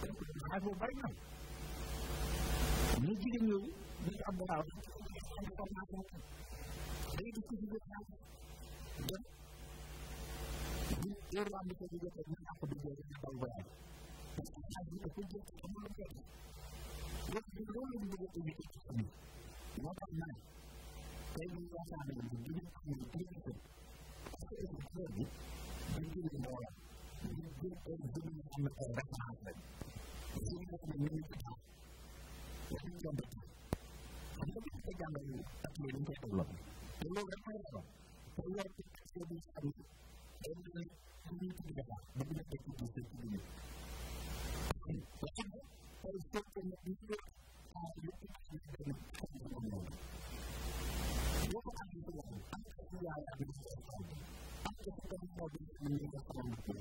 dañ koy xaaj boobu bari na ñu jigéen ñooñu dañu am dara wax dañu ko am formation dañu gis ko ci biir xaaj donc bu heure am ko ci jotee ñu ñàkk bi jooju ñu daw voyage parce que xaaj bi dafa jël ci amul lu jot donc ñun loolu la ñu bëgg a éviter ci suñu moo tax naan tey ñu waxtaan ak ñu jigéen am ñu parce que école bi dañ jëlee mbooloo ñu jël ay jeunes yoo xam ne ay référence lañ jeunes yoo xam ne ñu ngi ci taw wax ñu jënd ci xam nga dañ koy jàngalee ak yooyu dañ koy tolloo te loolu rek mooy loolu te yor ci action bi nga xam ne day mel ni ñu ci def ba ñu def ci ci ci ñu wax nga ay secteur nag ñu yor ah lu ci tax ñu dem xam nga moom loolu boo ko amee ci wax am na yaay ak ñu ci parce que suñu ndaw bi ñu ngi ko xamal ko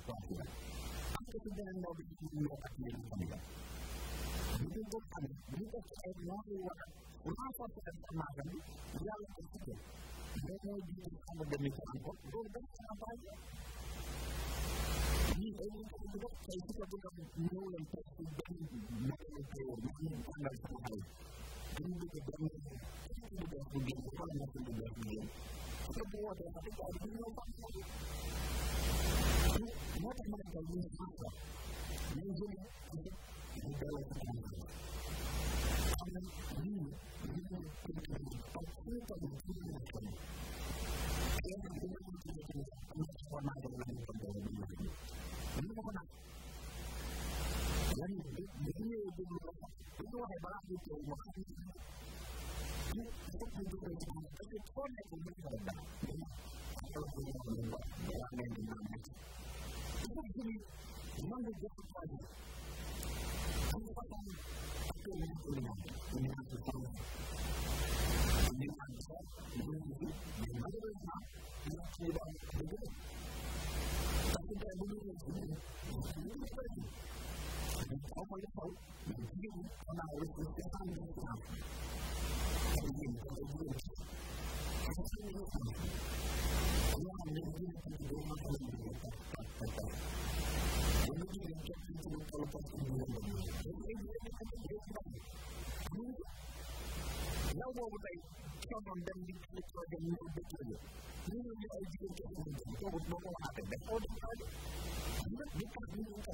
parce que suñu beneen ndaw bi ñu ngi ko ak yéen xam la bu ñu ko xamee bu ñu ko xamee ñoo ngi war a renforcer ak maagam bi yàlla ko ci kër mais ñoo ji ñu xam dem ci am ko loolu dañ ko avantage ñii ay ñu ko def ay ci ko def ñëw leen ko ci benn moo leen ko ñu ñu àndal sama xale dañu bëgg benn ci lu bees bu génn wala ñu ci lu bees bu génn ko boo dee ba tey daal di ñëw ba mu ñëw. moo tax ma ne ko ñu ngi ko ñu jëlee ñu ñu dalal ci biir bi. xam nga lii ñu ngi ko def ak suñu ko ñu ngi ko def tamit. yéen a ngi ko mën a def am na ci ko maa ngi leen ko doon ñu ngi ko ñu ko nag. lan ñu ñu ñëwee ba ñu ko wax ba ñu ko waxee balaa ñu ko wax ne ko kun duka da kuma da ke kone ko mun da da a kan ko ne ko ba da ya ne da na ne ko kuma man da ke ta da an ko ta ne ko ne ko ne ko ne ko ta ne ne ka ta ne ne ne ma da ta ne ko da ne ko ta ne ne ne ne ne ne ne ne ne ne ne dañ ko xool di xool mais jigéen ñi on a reçu cinq cent mille francs te jigéen ñi dafa jigéen ci parce que cinq mille francs yi ñoo xam ne jigéen ñi ci doo mën a leen di leen topp topp topp topp bu ñu jigéen kenn ci lu toll topp ci jigéen la ñu dañ koy jigéen ñi xam ne jigéen ndaw yi ñu ngi ndaw boobu tey coonoon dem di ci ko dem ñu ko dëkk la ñu ñu ñu ay jigéen kenn ñu dem toogut boo ko waxaatee dañ koo dem xaalis ñëpp di tax ñu ñu ko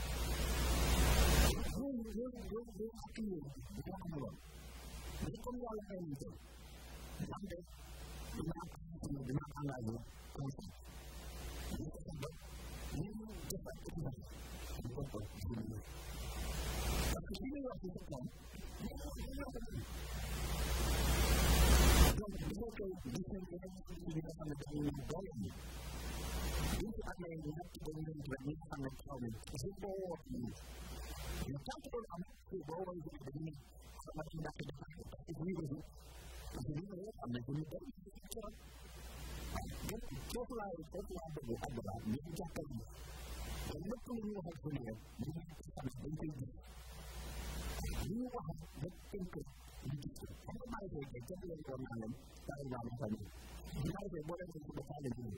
loolu loolu loolu loolu ak kii yooyu bi dafa amuloon mais comme yàlla xëy na jël ndax de dinaa am dinaa engagé conseil ñu ko sax ba ñu def ak étudiant ñu ko ko jënd parce que li muy wax ci sa kaw donc bu fekkee gis nañ ne ci li nga xam ne dañuy ñëw doole ñu bu ñu amee ñett dañu leen di rek ñu xam ne taxaw nañ su ko woo na tanto eu não sou bom, mas eu tenho essa máquina que eu tenho que fazer comigo. Mas eu não vou fazer comigo, eu não vou fazer comigo. Que outro lado, que outro lado eu vou adorar, mesmo que eu tenha. Eu não tenho nenhuma razão de ver, mesmo que eu tenha entendido. Nenhuma razão, não tem que Begitu. Kalau baik, kita boleh bermalam, tahu dalam sana. Baik, boleh kita bermalam dulu.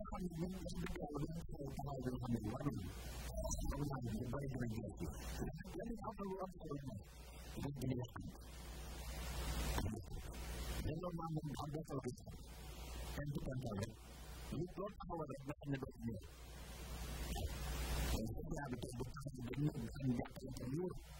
nga xam ne ñoom ñoo dëkk yàlla dañu ko taxaw bi nga xam ne war nañu xam naa ne bari nañu jël ci lenn xam na lu am solo la rek dina yàq développement moom daal doo koy gis kenn du kontaan rek lu doon taxawal rek nga xam ne doo ko ñëw. waaye social bi tey bu taxaw bi dañu leen di am jàppalante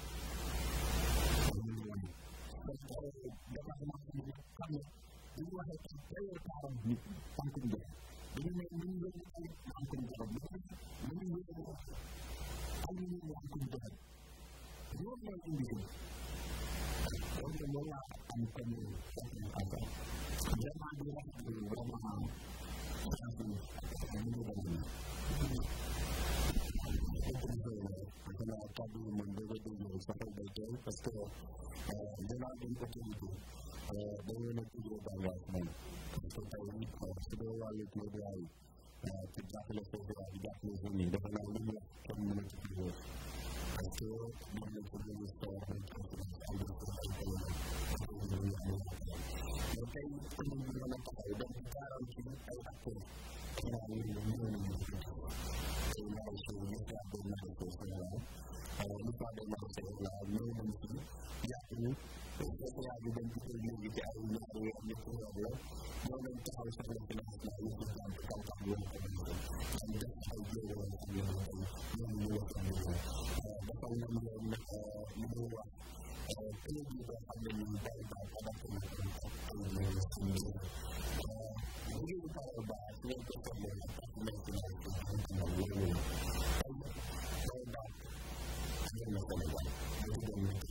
ñu ñëwoon donc dafa commencé ñu xam ne bu ñu waxee ci teyoo taaram nit tànkuñ dox dañu ne ñu ngi yëngu ay tànkuñ dox ñu ngi yëngu ay ñu ngi tànkuñ dox loolu mooy indi bi loolu mooy laa am comme tànkuñ tànkuñ vraiment di rafetlu vraiment changement ak ñu ngi doon xanaa kàddu yi man boo ko déggee sa xol day tooy parce que dina am une opportunité dañoo nekk ci biir bànqaas man parce que tey su dee wàllu PDA yi te jàppale PDA bi jàppale zone yi dafa naan lu mu wax kenn mën a ci biir parce que mën nañ ko gën a soxla ci ay mais tey commune bi mën a taxaw donc ci ay acteurs xanaa ñu Thank you. dañ ko ko waaj a dem ci kër léegi ci ay ñaari weer ñetti weer la ñoo doon taxaw soxla financement yi ci tànk campagne war ko mën a dem def ay jéego yoo xam ne ñoom ñu wax am ñu defal nañ leen li ñuy wax crédit boo xam ne nii bari baax adapté na ko ay ñoom suñ ñu jigéen parole baax ngeen ko soxla ak partenaire financier bi xam ne loolu la ay baax am na Sénégal bu ci dem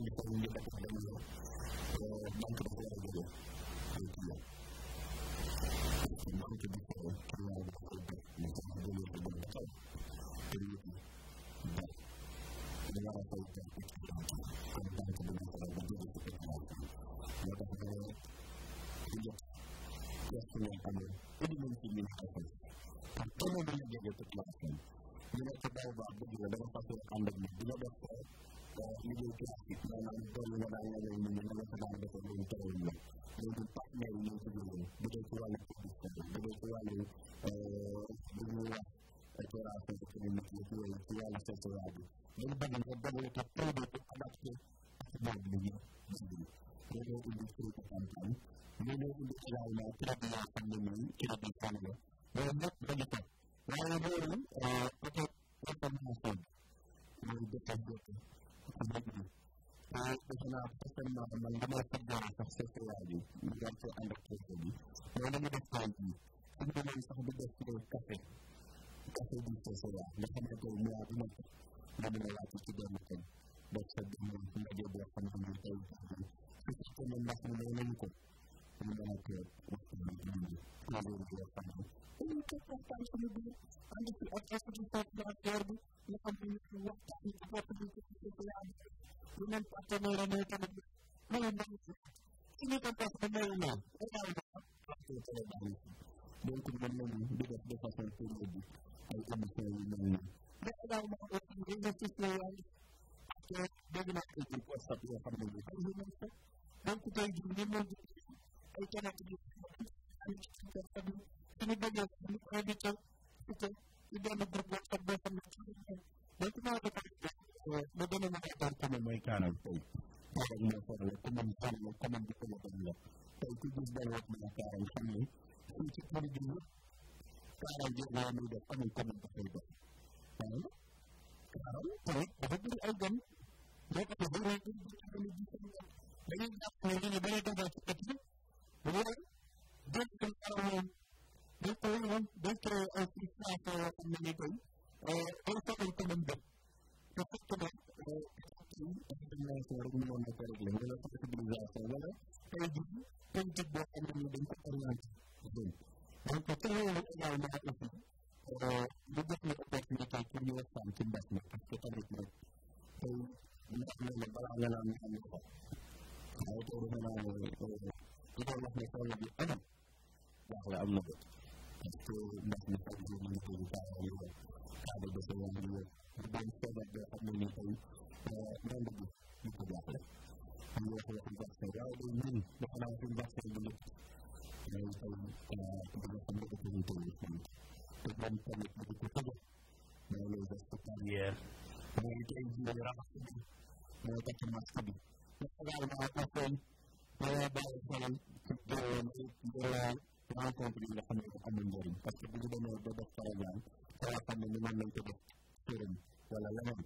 ne dama fas yéene ànd ak moom dina def liggéey classique maanaam tool nga daan lajal nit ñi na nga ko daan defee loolu terewul la loolu partenaire yi ñoo ci jógee bu dee ci wàllu production bu dee ci wàllu euh, bu ñuy wax opération économique yi ci wàllu ci wàllu CCA bi dañu bëgg nga développé produit pour adapté accident bi ñu indi loolu indi crédit campagne loolu indi également crédit yoo xam ne nii crédit fan la koor bi nga xam ne waxtaan yi apporté balaa nga naan am ko waaye tey defe naa ne li ko wax ne tool bi am baax la am na ko parce que ndax ñu xam ne ñu ko baaxee yoon kaaba dafa yomb yoon bu doon feebar boo xam ne ni tey ndànd bi ñu ko jàppale ñu wax waxu vaccin waaye day ñun defe naa suñu vaccin bu nekk mooy tey li nga xam ne dafa ñu tey te moom tamit dafa ko tëjee mooy les gestes barrières mooy tey jii raxas bi mooy takk masque bi également conseil dañoo bàyyi xel ci ngelaw rencontre yi nga xam ne amul njëriñ parce que bu ñu demee ba def par exemple loo xam ne ñu mën nañ ko def sëriñ wala leneen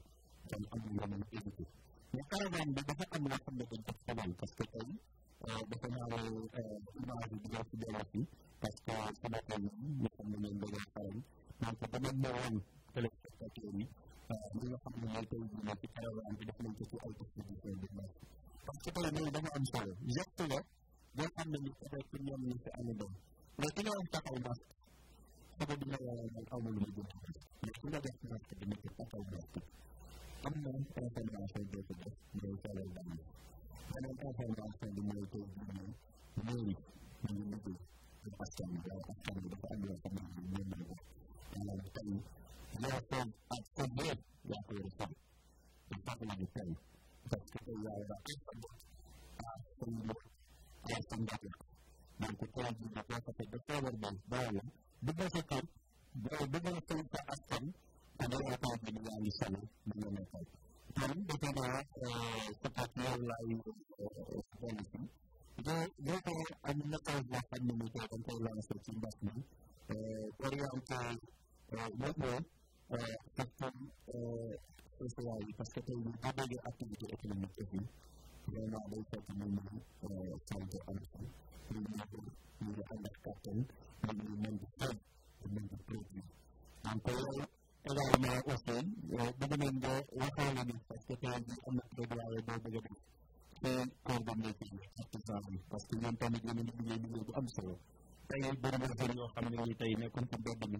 kon am na yoo mën a éviter mais caravane bi dafa am loo xam ne dañ ko xamal parce que tey euh, dafa naa euh, image yi dina ci dellu si parce que sama xel yi ñu xam ne ñoom dañoo xaral donc danañ ma woon téléspectateurs yi li nga xam ne mooy tey jii nag ci programme bi def nañ ko ci ay distribution bi laaj parce que tey loolu dafa am solo geste la boo xam ne ni peut-être pour ñoom ñu si am doom mais ki nga wax taxaw masque xaba dina waral man aw ma lu mu jëm mais ki nga def masque bi nekk taxaw masque am na information boo ko def mooy solal daan beneen information bi mooy tey jii nii mairie ñu ngi liggéey ak askan bi waaye askan bi dafa am loo xam ne ñu mën ko maanaam tey versus att få med Jakobsson. Det fattar man inte. Jag ska göra allt bort, allt bort, allt som jag vill. Men på tal om att prata till besökarbetsdagen, bygga sig upp, bygga sig upp afton, och då är det en miljon känner, miljoner folk. Men det kan vara såklart jävla i Skånesen. Jag har en secteur social yi parce que tey que tey jii am na prévoir boo bëgg a def te coordonné ci artisan bi parce que ñoom tamit ñu ngi liggéey liggéey bu am solo tey bëri na yoo xam ne tey nekkoon ci mbedd mi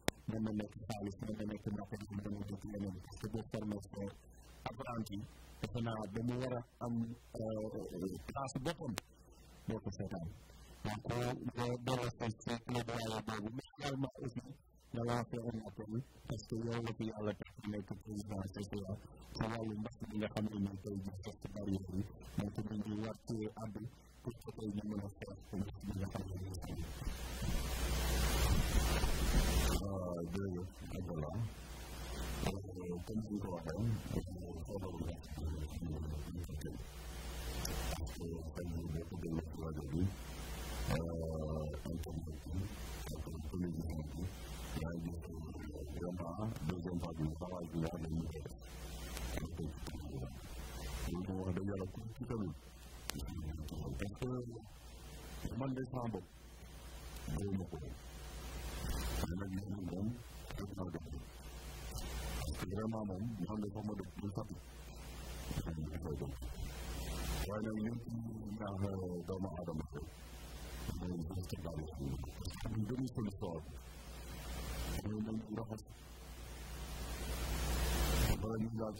mën na nekk xaalis mën na nekk matériel mën na nekk leneen parce que boo formé sport apprenti defe naa ba mu war a am place boppam doo ko seetaan donc boo doon say say plaidoyer boobu mais également aussi nga lancé un appel parce que yow la fi yàlla tax a nekk président CCA ci wàllu mbas mi nga xam ne mooy tey jii geste barrière yi donc ñu ngi war cee àddu pour que tey ñu mën a xeex mbas mi nga xam ne jërëjëf Abdallah comme ni nga ko waxee xoolal bi parce que xel bi boo ko jëlee ci rajo bi internet bi ak télévision bi yaa ngi gis vraiment deuxième part bi xawaay bi yaa ngi koy def wax dëgg yàlla ci tamit parce que man de sama bopp mais nag gis nañ moom président def ko parce que vraiment waaye nag ñun ñaax doomu aadama si mooy gën ci bàyyi si ñun. parce que ñu bëri solution ay masque te daf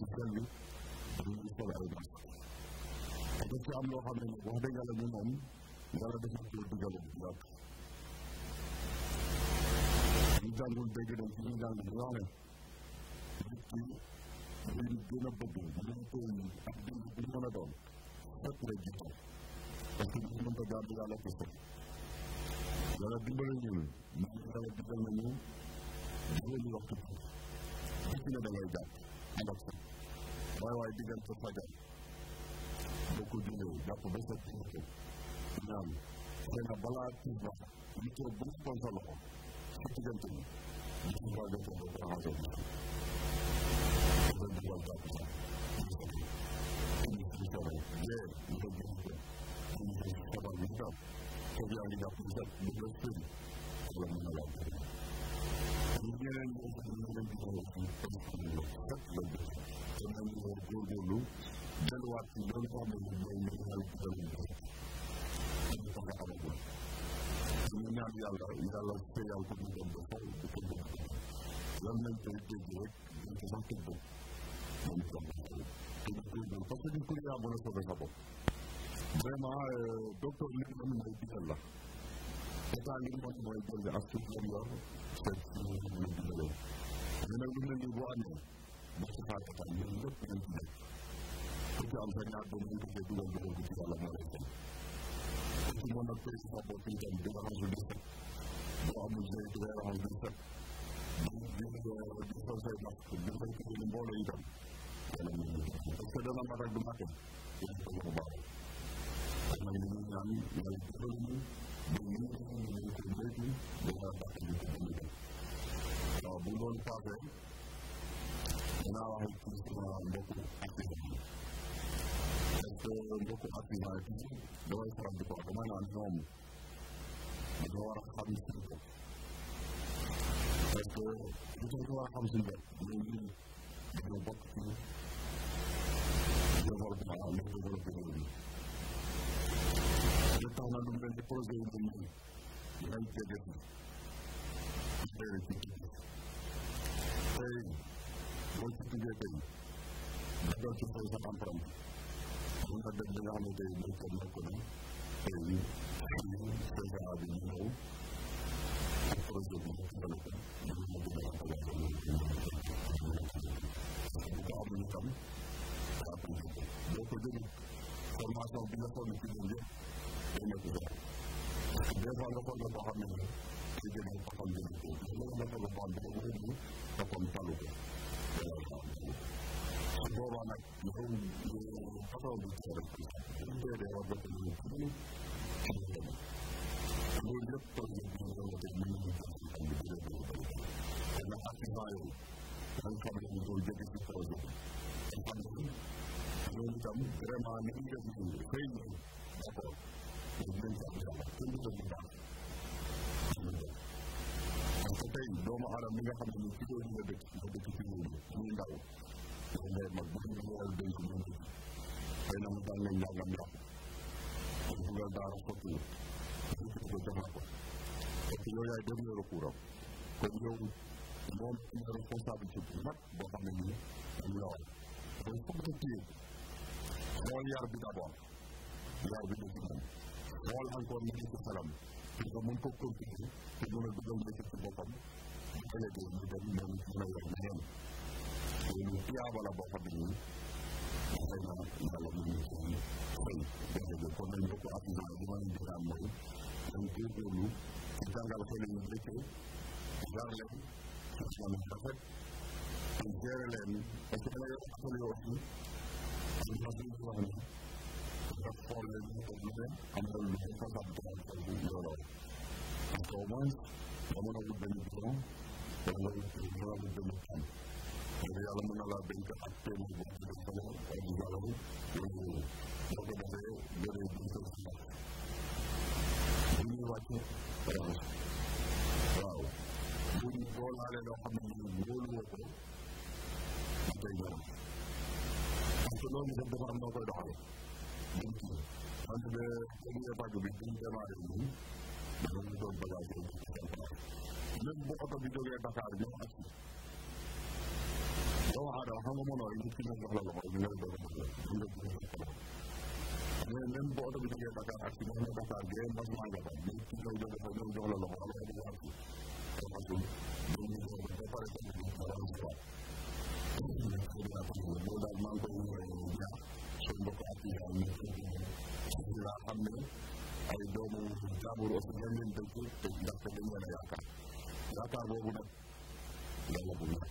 ci am loo xam ne wax dëgg yàlla ñu moom yàlla def na ko digal bu yàgg ñu jàngul dégg nañ ci ñu jàng ñu wax ne nit ki luñ gën a bëgg luñ tënk ak dund bu mën a doon fekk la jiite parce que ñu mënta jaar bi yàlla ko sëf yàlla dimbale ñun ñu yàlla digal nañu juróomi waxtu bi bu ci ne da ngay jàpp ànd ak sa waaye waaye diggante fajar boo ko jullee jàpp ba sa ñaan xëy na balaa tuuba ñu toog ba mu toog sa loxo ci diggante bi li ci war a jot a bokk arrangé bi dafa dugal bàq bi ñu soxla yee ñu ko jëm ko ñu ko xamal bi tam te yaa ngi jàpp ñu jàpp ñu ko sëri wala ñu ne laaj bi ñu ñeneen ñi aussi ñu leen di wax ci comme xam ne la fekk la jot te ñu ngi war góorgóorlu delluwaat ci loolu nga xam ne mooy ñu xel ci loolu ñu ko xam ne amagul ñu ñaan yàlla yàlla fayal ko ñu dem ba faw di ko jëm yal nañ koy dégg rek dañ ko sax tëdd moom itam te ñu koy jël parce que ñu koy yaa mën a sauver sa bopp vraiment docteur li mu mën mooy digal la état li mu mën mooy jël ak suuf la yor seet si ñu ñu digalee ñu nag lu mel ni boo amee ba ci xaar état ñun ñëpp nañ ci nekk ku ci am sa ñaar doom ñu ko fee dugal dugal ko ci yàlla moo lay ci moom ak président boobu ñu dem deux orange deux sept boo xam ne jëlee ci weer orange deux sept donc biir biir conseil ndax biir fay ko ni mbooloo yi dem yàlla mën na est-ce que dana mat ak du mat yàlla ko ko baax kon nag ñu ngi ñaan yàlla defal ñu ba ñu ñu ñu ko moytu ba yàlla baax ñu ko dund waaw bu loolu paasee dinaa wax ak président mbokku ak mbokku assurance yi damay faral di ko wax dama naan ñoom dañoo war a xam suñu bopp parce que li tax ñu war a xam suñu bopp mooy ñun dañoo bokk ci développement non développement bi. te tax na lu mel ni projet yu mel nii dinañ ko def ci tey ci tey boo ci duggee tey nga doon ci fay sa empreinte mun nga def li nga xam ne tey béykat na tey jii CEDA bi ñu bi ñu tëral ko ñu mën a gën a xalaat ñu mën a boo ko jëlee formation bi nga ne ci ñoom yëpp day nekk dara des ne ci gën a ne dafa mën boobaa nag dafa dafa bu teel a bu teel a war a def lu mu loolu lépp projet bi ñu doon def ñu ngi ci am lu bëri bëri bëri te nag activement yooyu dañ xam ne ñu doon jóge ci projet bi te xam ne loolu itam vraiment ni ñu def nii xëy na d'accord ñu ngi ci am yàlla kenn du ko baax parce que tey doomu aadama mi nga xam ne ci loolu la dëkk la dëkk ci loolu muy ndaw loolu day mag bu ñu war a dénk mu ngi xëy na mu tànn njàngam yàqu parce que loolu daara sotti la parce que ko joxaat ko parce que yow yaay dernier recours am kon yow moom nga responsabilité bu mag boo xam ne nii am la war kon foog nga téye xool yar bi d'abord yar bi dëgg moom xool encore mu nekk xelam pour que mën ko continuer te mën a dugal nekk ci boppam bu ëllëgee mu dem moom mën a yor loolu tuyaaba la boo xam ne nii xëy na yàlla mën na ci xëy déedéet kon nag mbokku artisan yi li ma leen di daal mooy dañ góorgóorlu ci jàngal xëy na ñu dëkkee jar leen ci xel rafet te gérer leen parce que da ngay atelier aussi am na lu ñu wax ne dafa xool leen ñu ko lu ne am na lu responsabilité am xel bu looloo parce que au moins dama la wut benn bidon dama la wut dama la wut benn pan parce que yàlla mën na laa dénk ak téeméer bu am ci solo ak di valeur yooyu boo ko defee doo dee gis sa bopp. bu ñuy wàcc waaw mbir mi boo laalee loo xam ne nii wóoluwoo ko da koy jaral parce que loolu itam dafa am noo koy doxalee. donc wante de premier vague bi bi ñu démarré nii dafa ñu doon bagage même bu oto bi jógee Dakar ñoo agsi doomu aadama xam nga mënoo indi ci ñoom jox la loxo ñu leen doon mais même bu oto bi jógee Dakar ak si ñoom Dakar gee mbas maa nga fa mais ci ñoom jógee fa ñoom jox la loxo xam nga dafa war ci xam nga suñ ñoom ñu pare ci ñu dara ci waat loolu daal maa ngi koy ñaax suñ mbokk ak yi am ci laa xam ne ay doomu jàmbur aussi ngeen leen dëgg te ndaxte dañ leen a yaakaar yaakaar boobu nag yàlla bu ñaax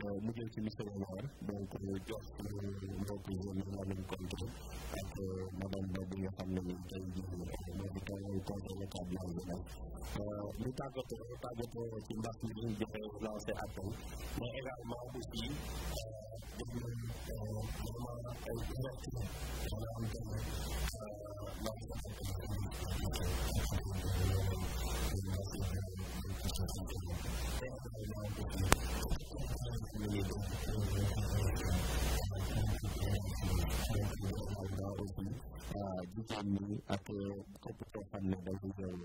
liggéey ci monsieur Omar donc jox mbokk yi maanaam Konté ak madame bi nga xam ne nii tey jii moo fi teewal conseil local de la jeunesse. ñu tàggatoo tàggatoo ci mbas mi ñu joxe lancé appel mais également aussi def nañ vraiment ay ouverture yoo xam ne lancé appel jigéen ñi ak képp koo xam ne dañu yow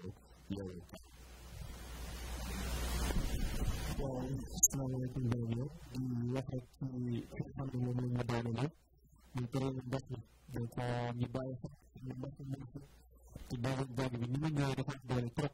yow waaw asalaamaaleykum Diagne di wax rek ci fi nga xam ne moom la ñu doonalee ñu période mbas mi donc ñu bàyyi xel ñu mbas mi te deuxième vague bi ni mu ñëwee dafa am doole trop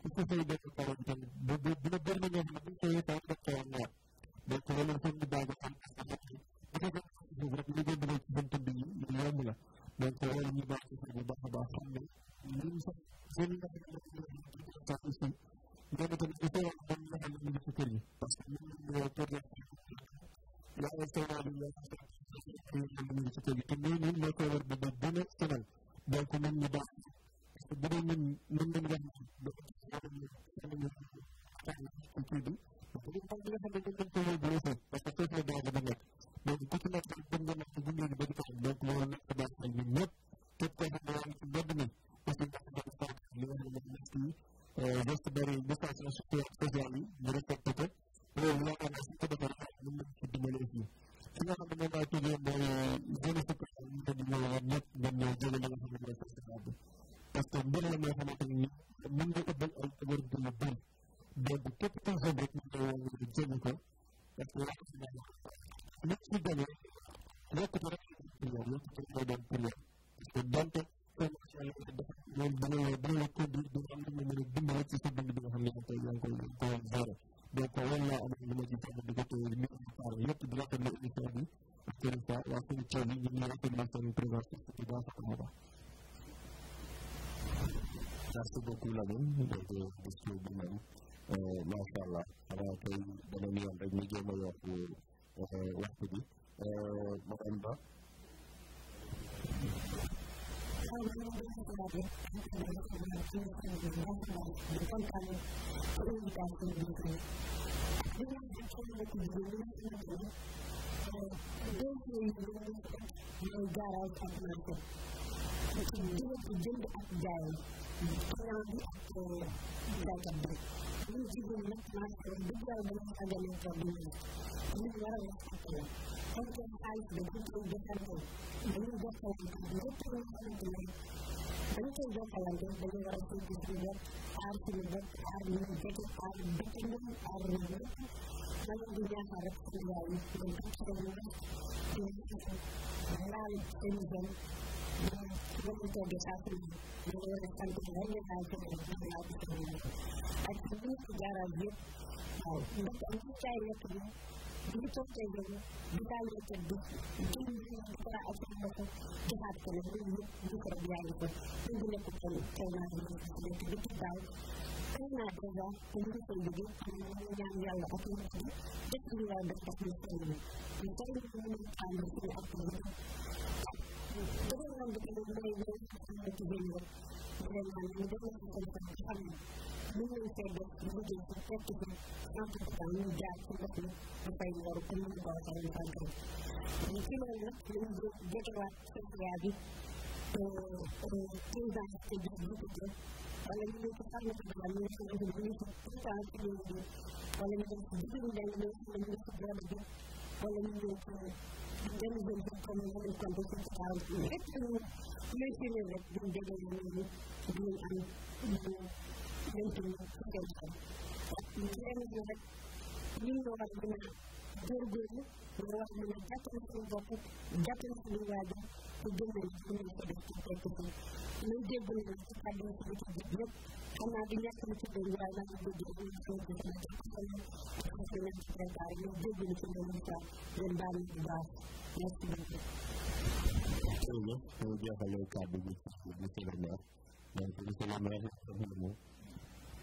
ku koy def karoon tamit bu bu dina bëri na ñoo xam ne bu ñu koy karoon def karoon noor donc loolu foog ñu baax a xam parce que nag bu fekkee suuf rek li nga dugal ci bënt bi lu yomb la donc loolu ñu baax ci bu baax a baax xam ne ñun sax seen nga xam ne sax aussi ñoom tamit du tee wax moom nga xam ne mu ngi ci kër gi parce que ñun ñu kër gi yàlla seenaa bi ñoo xam ne mu ngi ci kër gi te ñooñu ñoo koy war ba ba gën a sonal donc ñun ñu baax bu dee ñun mën nañu wax ba czyli winniaty metory prywatności bankowa. Merci beaucoup Lamine dégg nga discours bi moom macha allah xanaa tey beneen yoon rek ñu jéem a yokk waxtu bi ma am ba. mooy garage ak marché ci diggante jënd ak jaay client bi ak jaaykat bi ñun jigéen nag marché dëgg yàlla bu ñu xagalee ko du ñu ñun war a respecté comme que xaalis bi dañ koy jëfandikoo dañuy jëfandikoo lépp loo xamante ne dañu koy jokkalante dañu war a gis suñu bopp aar suñu bopp aar ñuy jege aar dëkk ñoom aar ñoom ñëpp da leen di ñaaxal rek suñu yaay yi dañ toog seen wax di yëkkati laal seen jëm dina dina toggee saa su ne ñu war a sant rek ñu laal seen jëm ñu laal seen jëm ak suñu jaaraat yëpp waaw ndax am ci caay lekk bi bu toogtee loolu bu bàyyee teg bi jëm bi nga xam ne ak sa loxo joxaat ko la loolu yëpp micro bi yaa ngi ko indi na ko tey tey naa ngi nekk bi ci daaw xëy naa dèjà te ñu ngi koy liggéey xam ne ñu ñaan yàlla ak ñu ci def li yàlla def def ñu seen yi ñu tey ñu mën a tàmbali suñu activité dafay yomb tamit mooy ñoom xam ne ci génn rek dafay naan ñu dem ci xam ne li ñu ngi koy def ñu liggéey ci fekk ci sant bu baax ñu jaar ci ndox mi ñu fay loolu comme ni ñu ko waxee ñu fàggal ñu ci loolu nag ñu ngi jotewaat CCA bi président te bi ñu ko jël wala ñu ngi ko xamal ci daal ñu ngi xam ne ñu ngi ci tout temps ci loolu bi wala ñu dem ci biir ndànk ñu xam ne ñu ngi ci boole bi wala ñu ngi ci benn zone bi comme ñu ngi compte ci taal lépp ñu ñu ci rek duñ déggee ñu ñu am nañ ko ñëw pour ngeen xam ñenn ñi nag ñun war a bi. ñun dégg nañu ci kàddu yi na ci xarala ñu ngi koy ci baax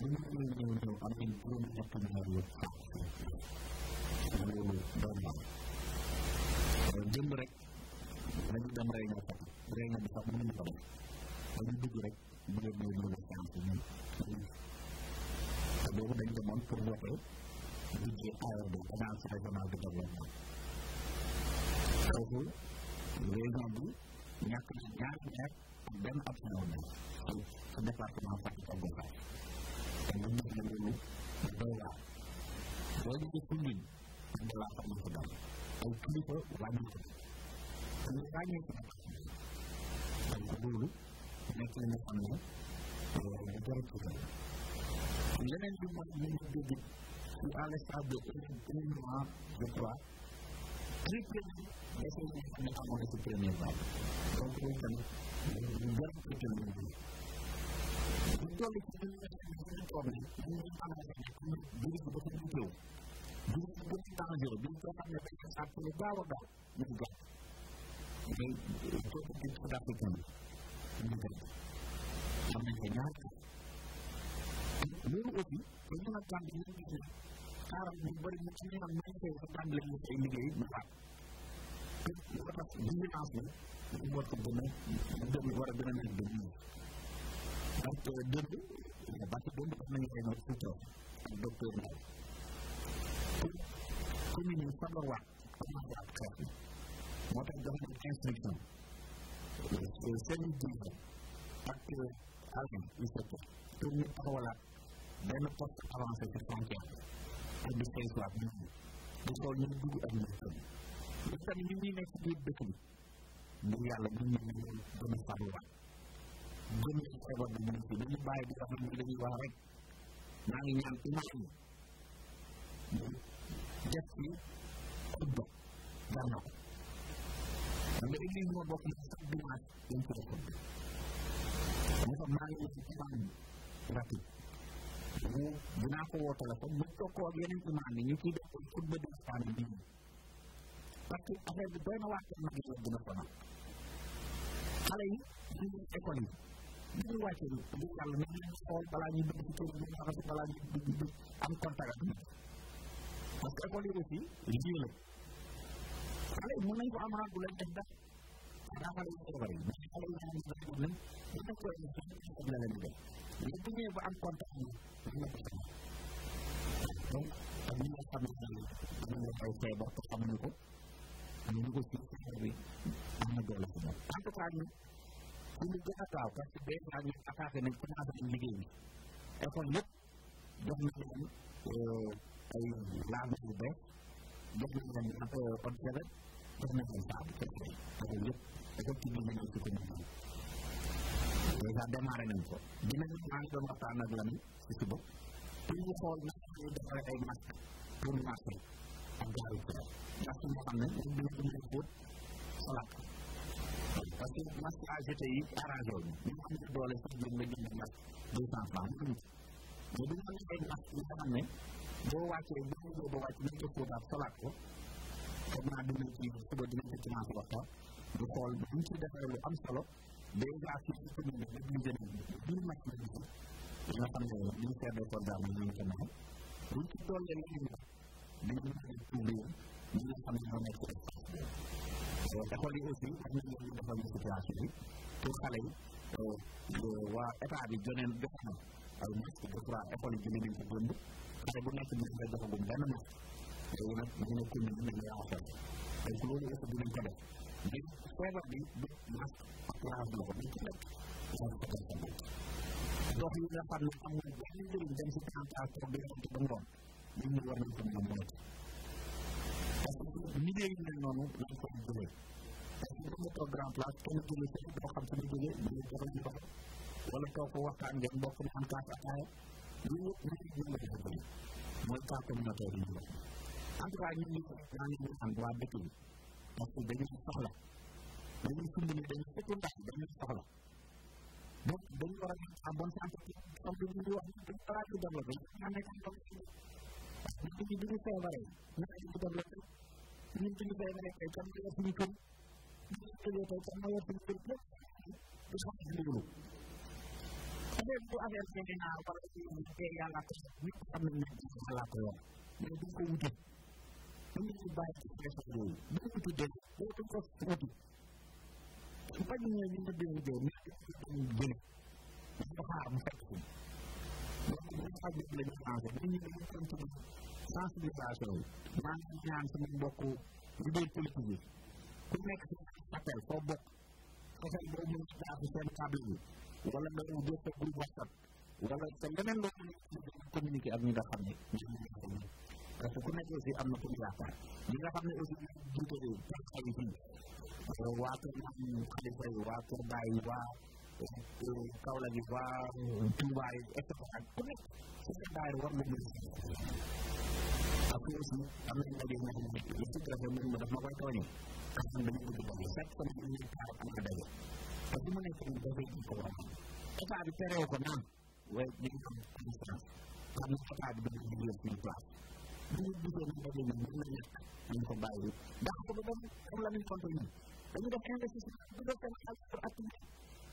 lu mu ñëw ñëw ñëw am nañ juróomi ñett milliard yu xaar loolu doon na jëmb rek dañu dem rey ñoo xam rey ñoo bi sax mënuñu ko def dañu dugg rek bu dee bu dee séance ñun te boobu dañ demoon pour voté budget ARD agence régionale de développement foofu région bi ñàkk na ñaar weer ak benn absent wu nekk ci département Fatick ak Gossas man mii la loolu doy waar boo gisee ci xam nañ ko ay kilifa wàññi ko ñu wàññee ko donc loolu xam ne lu jar ci kaw yeneen bi mooy li ñu dégg ci à l'instant de un de xam ne amoon na si loolu ci ñun ñoo xam ne ñun problème ñun ñu xamal ne ñun virus bi dafa ñu teew virus bi dafa dangereux bi nga xam ne dañ ko sàpp ne gaaw a gaaw ñu ko gaaw mais kooku di ko dafa dund ñu ko xam nañ ko ñaar ci loolu aussi dañ mën a tàmbali ñu gis ne xaaral ñu bëri ñu ci ñu naan mën cee sa tàmbali ñu ay liggéey ñu faat te moo tax vigilance bi dafa war ko gën a gën war a gën a nekk de donc démb bàtt démb def nañu ak docteur Ndao moo tax jox nañ instruction service d'hygiène ak agent benn poste avancé ci frontière bi pour di saytuwaat nit ñi di xool ñu dugg ak ñu génn mais tamit ñi ñuy nekk ci biir dëkk bi yàlla nit ñi ñu gën a fagarwaat gëm nañ feebar bi ñu bàyyi di xam ne dañuy wax rek maa ngi ñaan imaam ñu def ci xutba jar ko xam nga église moo bokk na sax dimanche dañ koy xutba dama sax maa ngi ci imaam rapide dinaa ko woo téléphone mu toog ko yeneen imaam yi ñu ciy def ko xutba di waxtaan bi parce que affaire bi doy na xale yi ñu ngi yi ñuy wàcce bi ngir yàlla nañ leen xool balaa ñuy dugg ci kër yi nga xam ne balaa ñuy dugg dugg am contact ak nit parce que école yi aussi liggéey la xale yi mën nañ ko am rang bu leen def def xanaa xale yi feebar yi mais xale yi xam ne dafa dugg leen bu fekkee ne xam ne la leen di def mais bu ñëwee ba am contact yi mën na ko sama donc ak ñi nga xam ne am nañu ay feebar te xamuñu ko am nañu ko ci feebar bi am na doole si moom en tout cas ñun li mu gën a parce que déjà ñoom attaqué nañ commencé nañ liggéey bi école yëpp jox nañ leen ay ci suba pour ñu xool nag ñu defaree ay masque pour marché ak gaaru ci masque moo xam ne ñun dañu ko mën a fóot salaat parce que masque à jeter yi arrangé wu ñu nga xam ne doole sax jëm na jënd masque deux cent franc nga xam ne boo wàccee ko fóotaat naa dinañ ci suba defee lu am solo dèjà fii ci bi lépp lu jëm biir masque lañ ci nga xam ne ministère des forces armées ñoo ko mel buñ ci tollee leneen dañu mën a nga xam ne ñoo nekk école yi aussi ak ñun ñoo ñu defal ñu situation bi pour xale yi waa bi joneen jox na ay masque de yi jëlee ko démb xale bu nekk ñu dafay joxagum benn masque yooyu ñu ne commune bi dañuy renforcer donc loolu aussi dinañ ko def ngir feebar bi du masque ak laaj loxo duñ ne ñu war a parce que milieu yu mel noonu lañ ko jëlee parce que dama toog grand place kenn jëlee kenn doo xam suñu jëlee dama ko waxtaan ngeen mbokk naan kaas ataaya ñun ñëpp ñu ngi gën a def bëri mooy cas communautaire ngi waa dëkk bi parce que dañuy soxla dañuy sumb ne dañuy fekk ndax dañuy soxla donc a a a ñun ñu bu ñu feebaree ñu aji bu dem lekk ñun bu ñu feebaree tey kan nga yor suñu kër ñu ñu tëjee tey kan nga yor suñu kër lépp du soxla ci ndigalu affaire bu affaire bi nee naa wala ci tey yàlla ko ñëpp xam nañ ne ci yàlla ko yor mais duñ ko wute dañu ñu bàyyi ci question yooyu bu ñu tuddee boo duñ ko wuti su bañ ñëwee ñu nga déglu dee mais dañu ko jëlee dañu xaar mu fekk boobu ñun ñëpp xaj na ñu changé mais ñun dañu continué sensibilisation yi. maa ngi ñaan sama mbokku leader xam ne nga xam ne parce que ku nekk aussi am na ku ñu nga xam ne aussi ñu waa. Kaolack yi waa Touba yi et cetera ku nekk su fekkee daayira war na jël après aussi am nañu ndaje yoo xam ne le sous-préfet moom daf ma koy tooñee parce que dañu bëgg daje chaque semaine ñu ngi taal am na daje te bu mu nekk nii daje bi ko war a état bi terewoo ko naan waaye ñu ngi am distance xam ne état bi dañu ko jël suñu place bu ñu gisee ñu daje ñun mën na ñàkk nañu ko bàyyi ndax bu ko defee comme la ñu compte ñun dañu def investissement bu def seen xaalis pour activité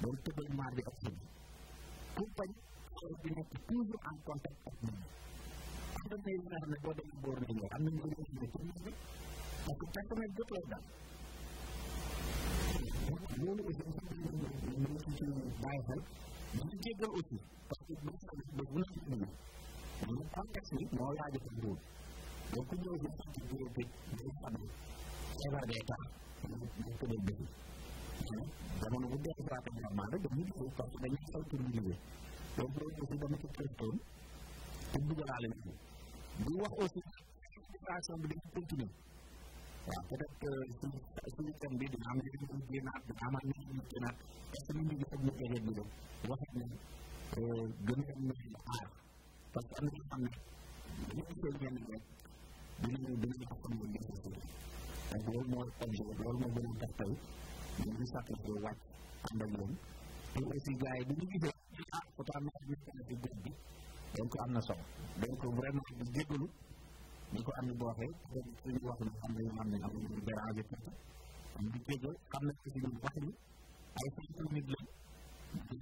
loolu tëbal noir bi ak xëy bi pour bañ xol bi nekk toujours en contact ak nit ñi. am na mbéy mi nga xam ne boo demee boor nañ la am na mbéy mi nga xam ne bi parce que centimètre jot lay dal. loolu aussi ñu ngi ci bàyyi xel ñu jéggal aussi parce que bu ñu xamee ba bu ñu contexte bi moo laajate loolu donc ku ñëw si ci biir bi nga xam ne feebar day tax ñu ñu tëbal bëri. jamono bu dee Ibrahima Diamane rek dañuy liggéey parce que aussi dama ci profitoon pour dugalaale ci di wax aussi situation continuer waaw peut être si suñu thème bi dina am yeneen yu génnaat dina amaat yeneen yu génnaat est ce que ñu foog ñu tegee ne gën leen mën a aar parce que am na xam ne ñu gisee ñenn loolu moo objet loolu moo gën a tax tey ñoom ñu sacrifié wàcc ànd ak yéen te aussi gars yi bu ñu gisee ah pourtant am na solo donc vraiment di jéggalu ñu ko am ni booxee suñu wax na xam ne yoo na aussi ñun wax ay sant nit lañ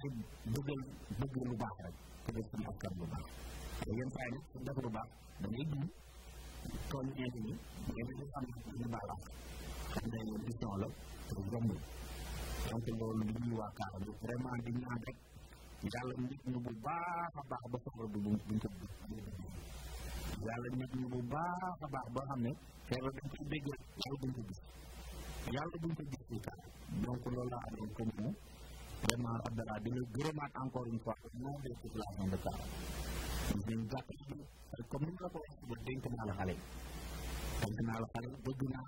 dañu lu baax rek te suñu askan lu yi nag lu baax da ngay dund tooñ lu baax la xam ne la te yombul donc loolu li ñuy waakaar bi vraiment di ñaan rek yàlla nit ñu bu baax a baax ba soxla bu buñ ko buñ ko yàlla nit ñu bu baax a baax ba xam ne feebar dañ koy dégg rek yàlla buñ ko gis yàlla buñ ko gis ci kaar donc loolu laa amoon comme moom vraiment Abdallah di la gërëmaat encore une fois nom des populations de Kaar dañ jàpp comme ni nga ko waxee dénk naa la xale dénk naa la xale bëgg naa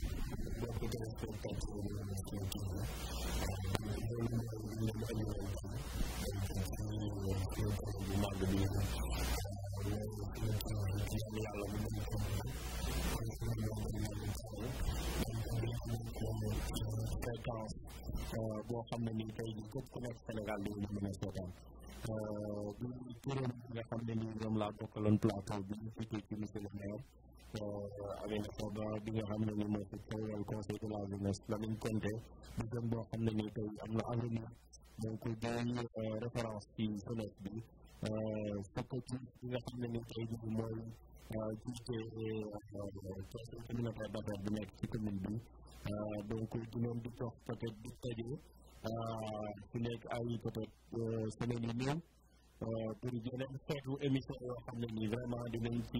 boo ko defee seen kàddu yi ñu ngi leen di leen loolu mooy li ñu indi leen fii mooy suñu borom bu màgg bi yëpp mooy suñu borom bi yàlla yàlla bu mën ko mën mooy suñu borom bi ñu ngi leen di leen fréquence Euh, boo xam ne nii tey jii képp ku nekk Sénégal di nga a euh, xam ne nii ñoom laa bokkaloon plateau bi euh, nga xam ne nii mooy conseil de la jeunesse Lamine Konté di gëm boo xam ne nii tey am na avenir donc day référence ci jeunesse bi fekk ci nga xam ne nii tey jii mooy jiite conseil communautaire bi. Euh, donc di leen di jox peut-être di tajee su nekk ay peut-être euh, semaine yu néew euh, pour yeneen xeetu émission yoo xam ne nii vraiment dinañ ci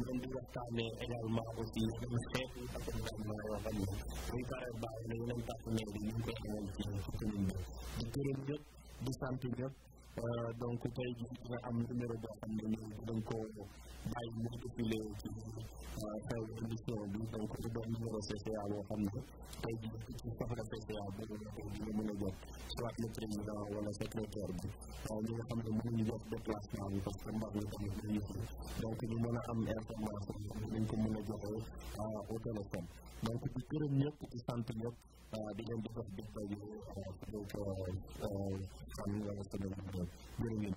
mën di waxtaanee également aussi yeneen xeetu accompagnement yoo xam ne dañ paree baax na yeneen partenaires yi ñu ngi koy amal ci ci commune bi di gërëm ñëpp di sant ñëpp Euh, donc tey jii dina am numéro boo xam ne nii dañ ko bàyyi mu défilé ci xew euh, émission bi donc mu doon numéro CCA boo xam ne tey jii ci soxla CCA boobu la a jot soit le président wala secrétaire bi euh, ñi nga xam mi tamit dañuy fi ñu mën a am information yi dañ ko mën a joxee au téléphone donc di gërëm di sant ñëpp di leen di jox dëgg-dëgg donc xam jërë ngeen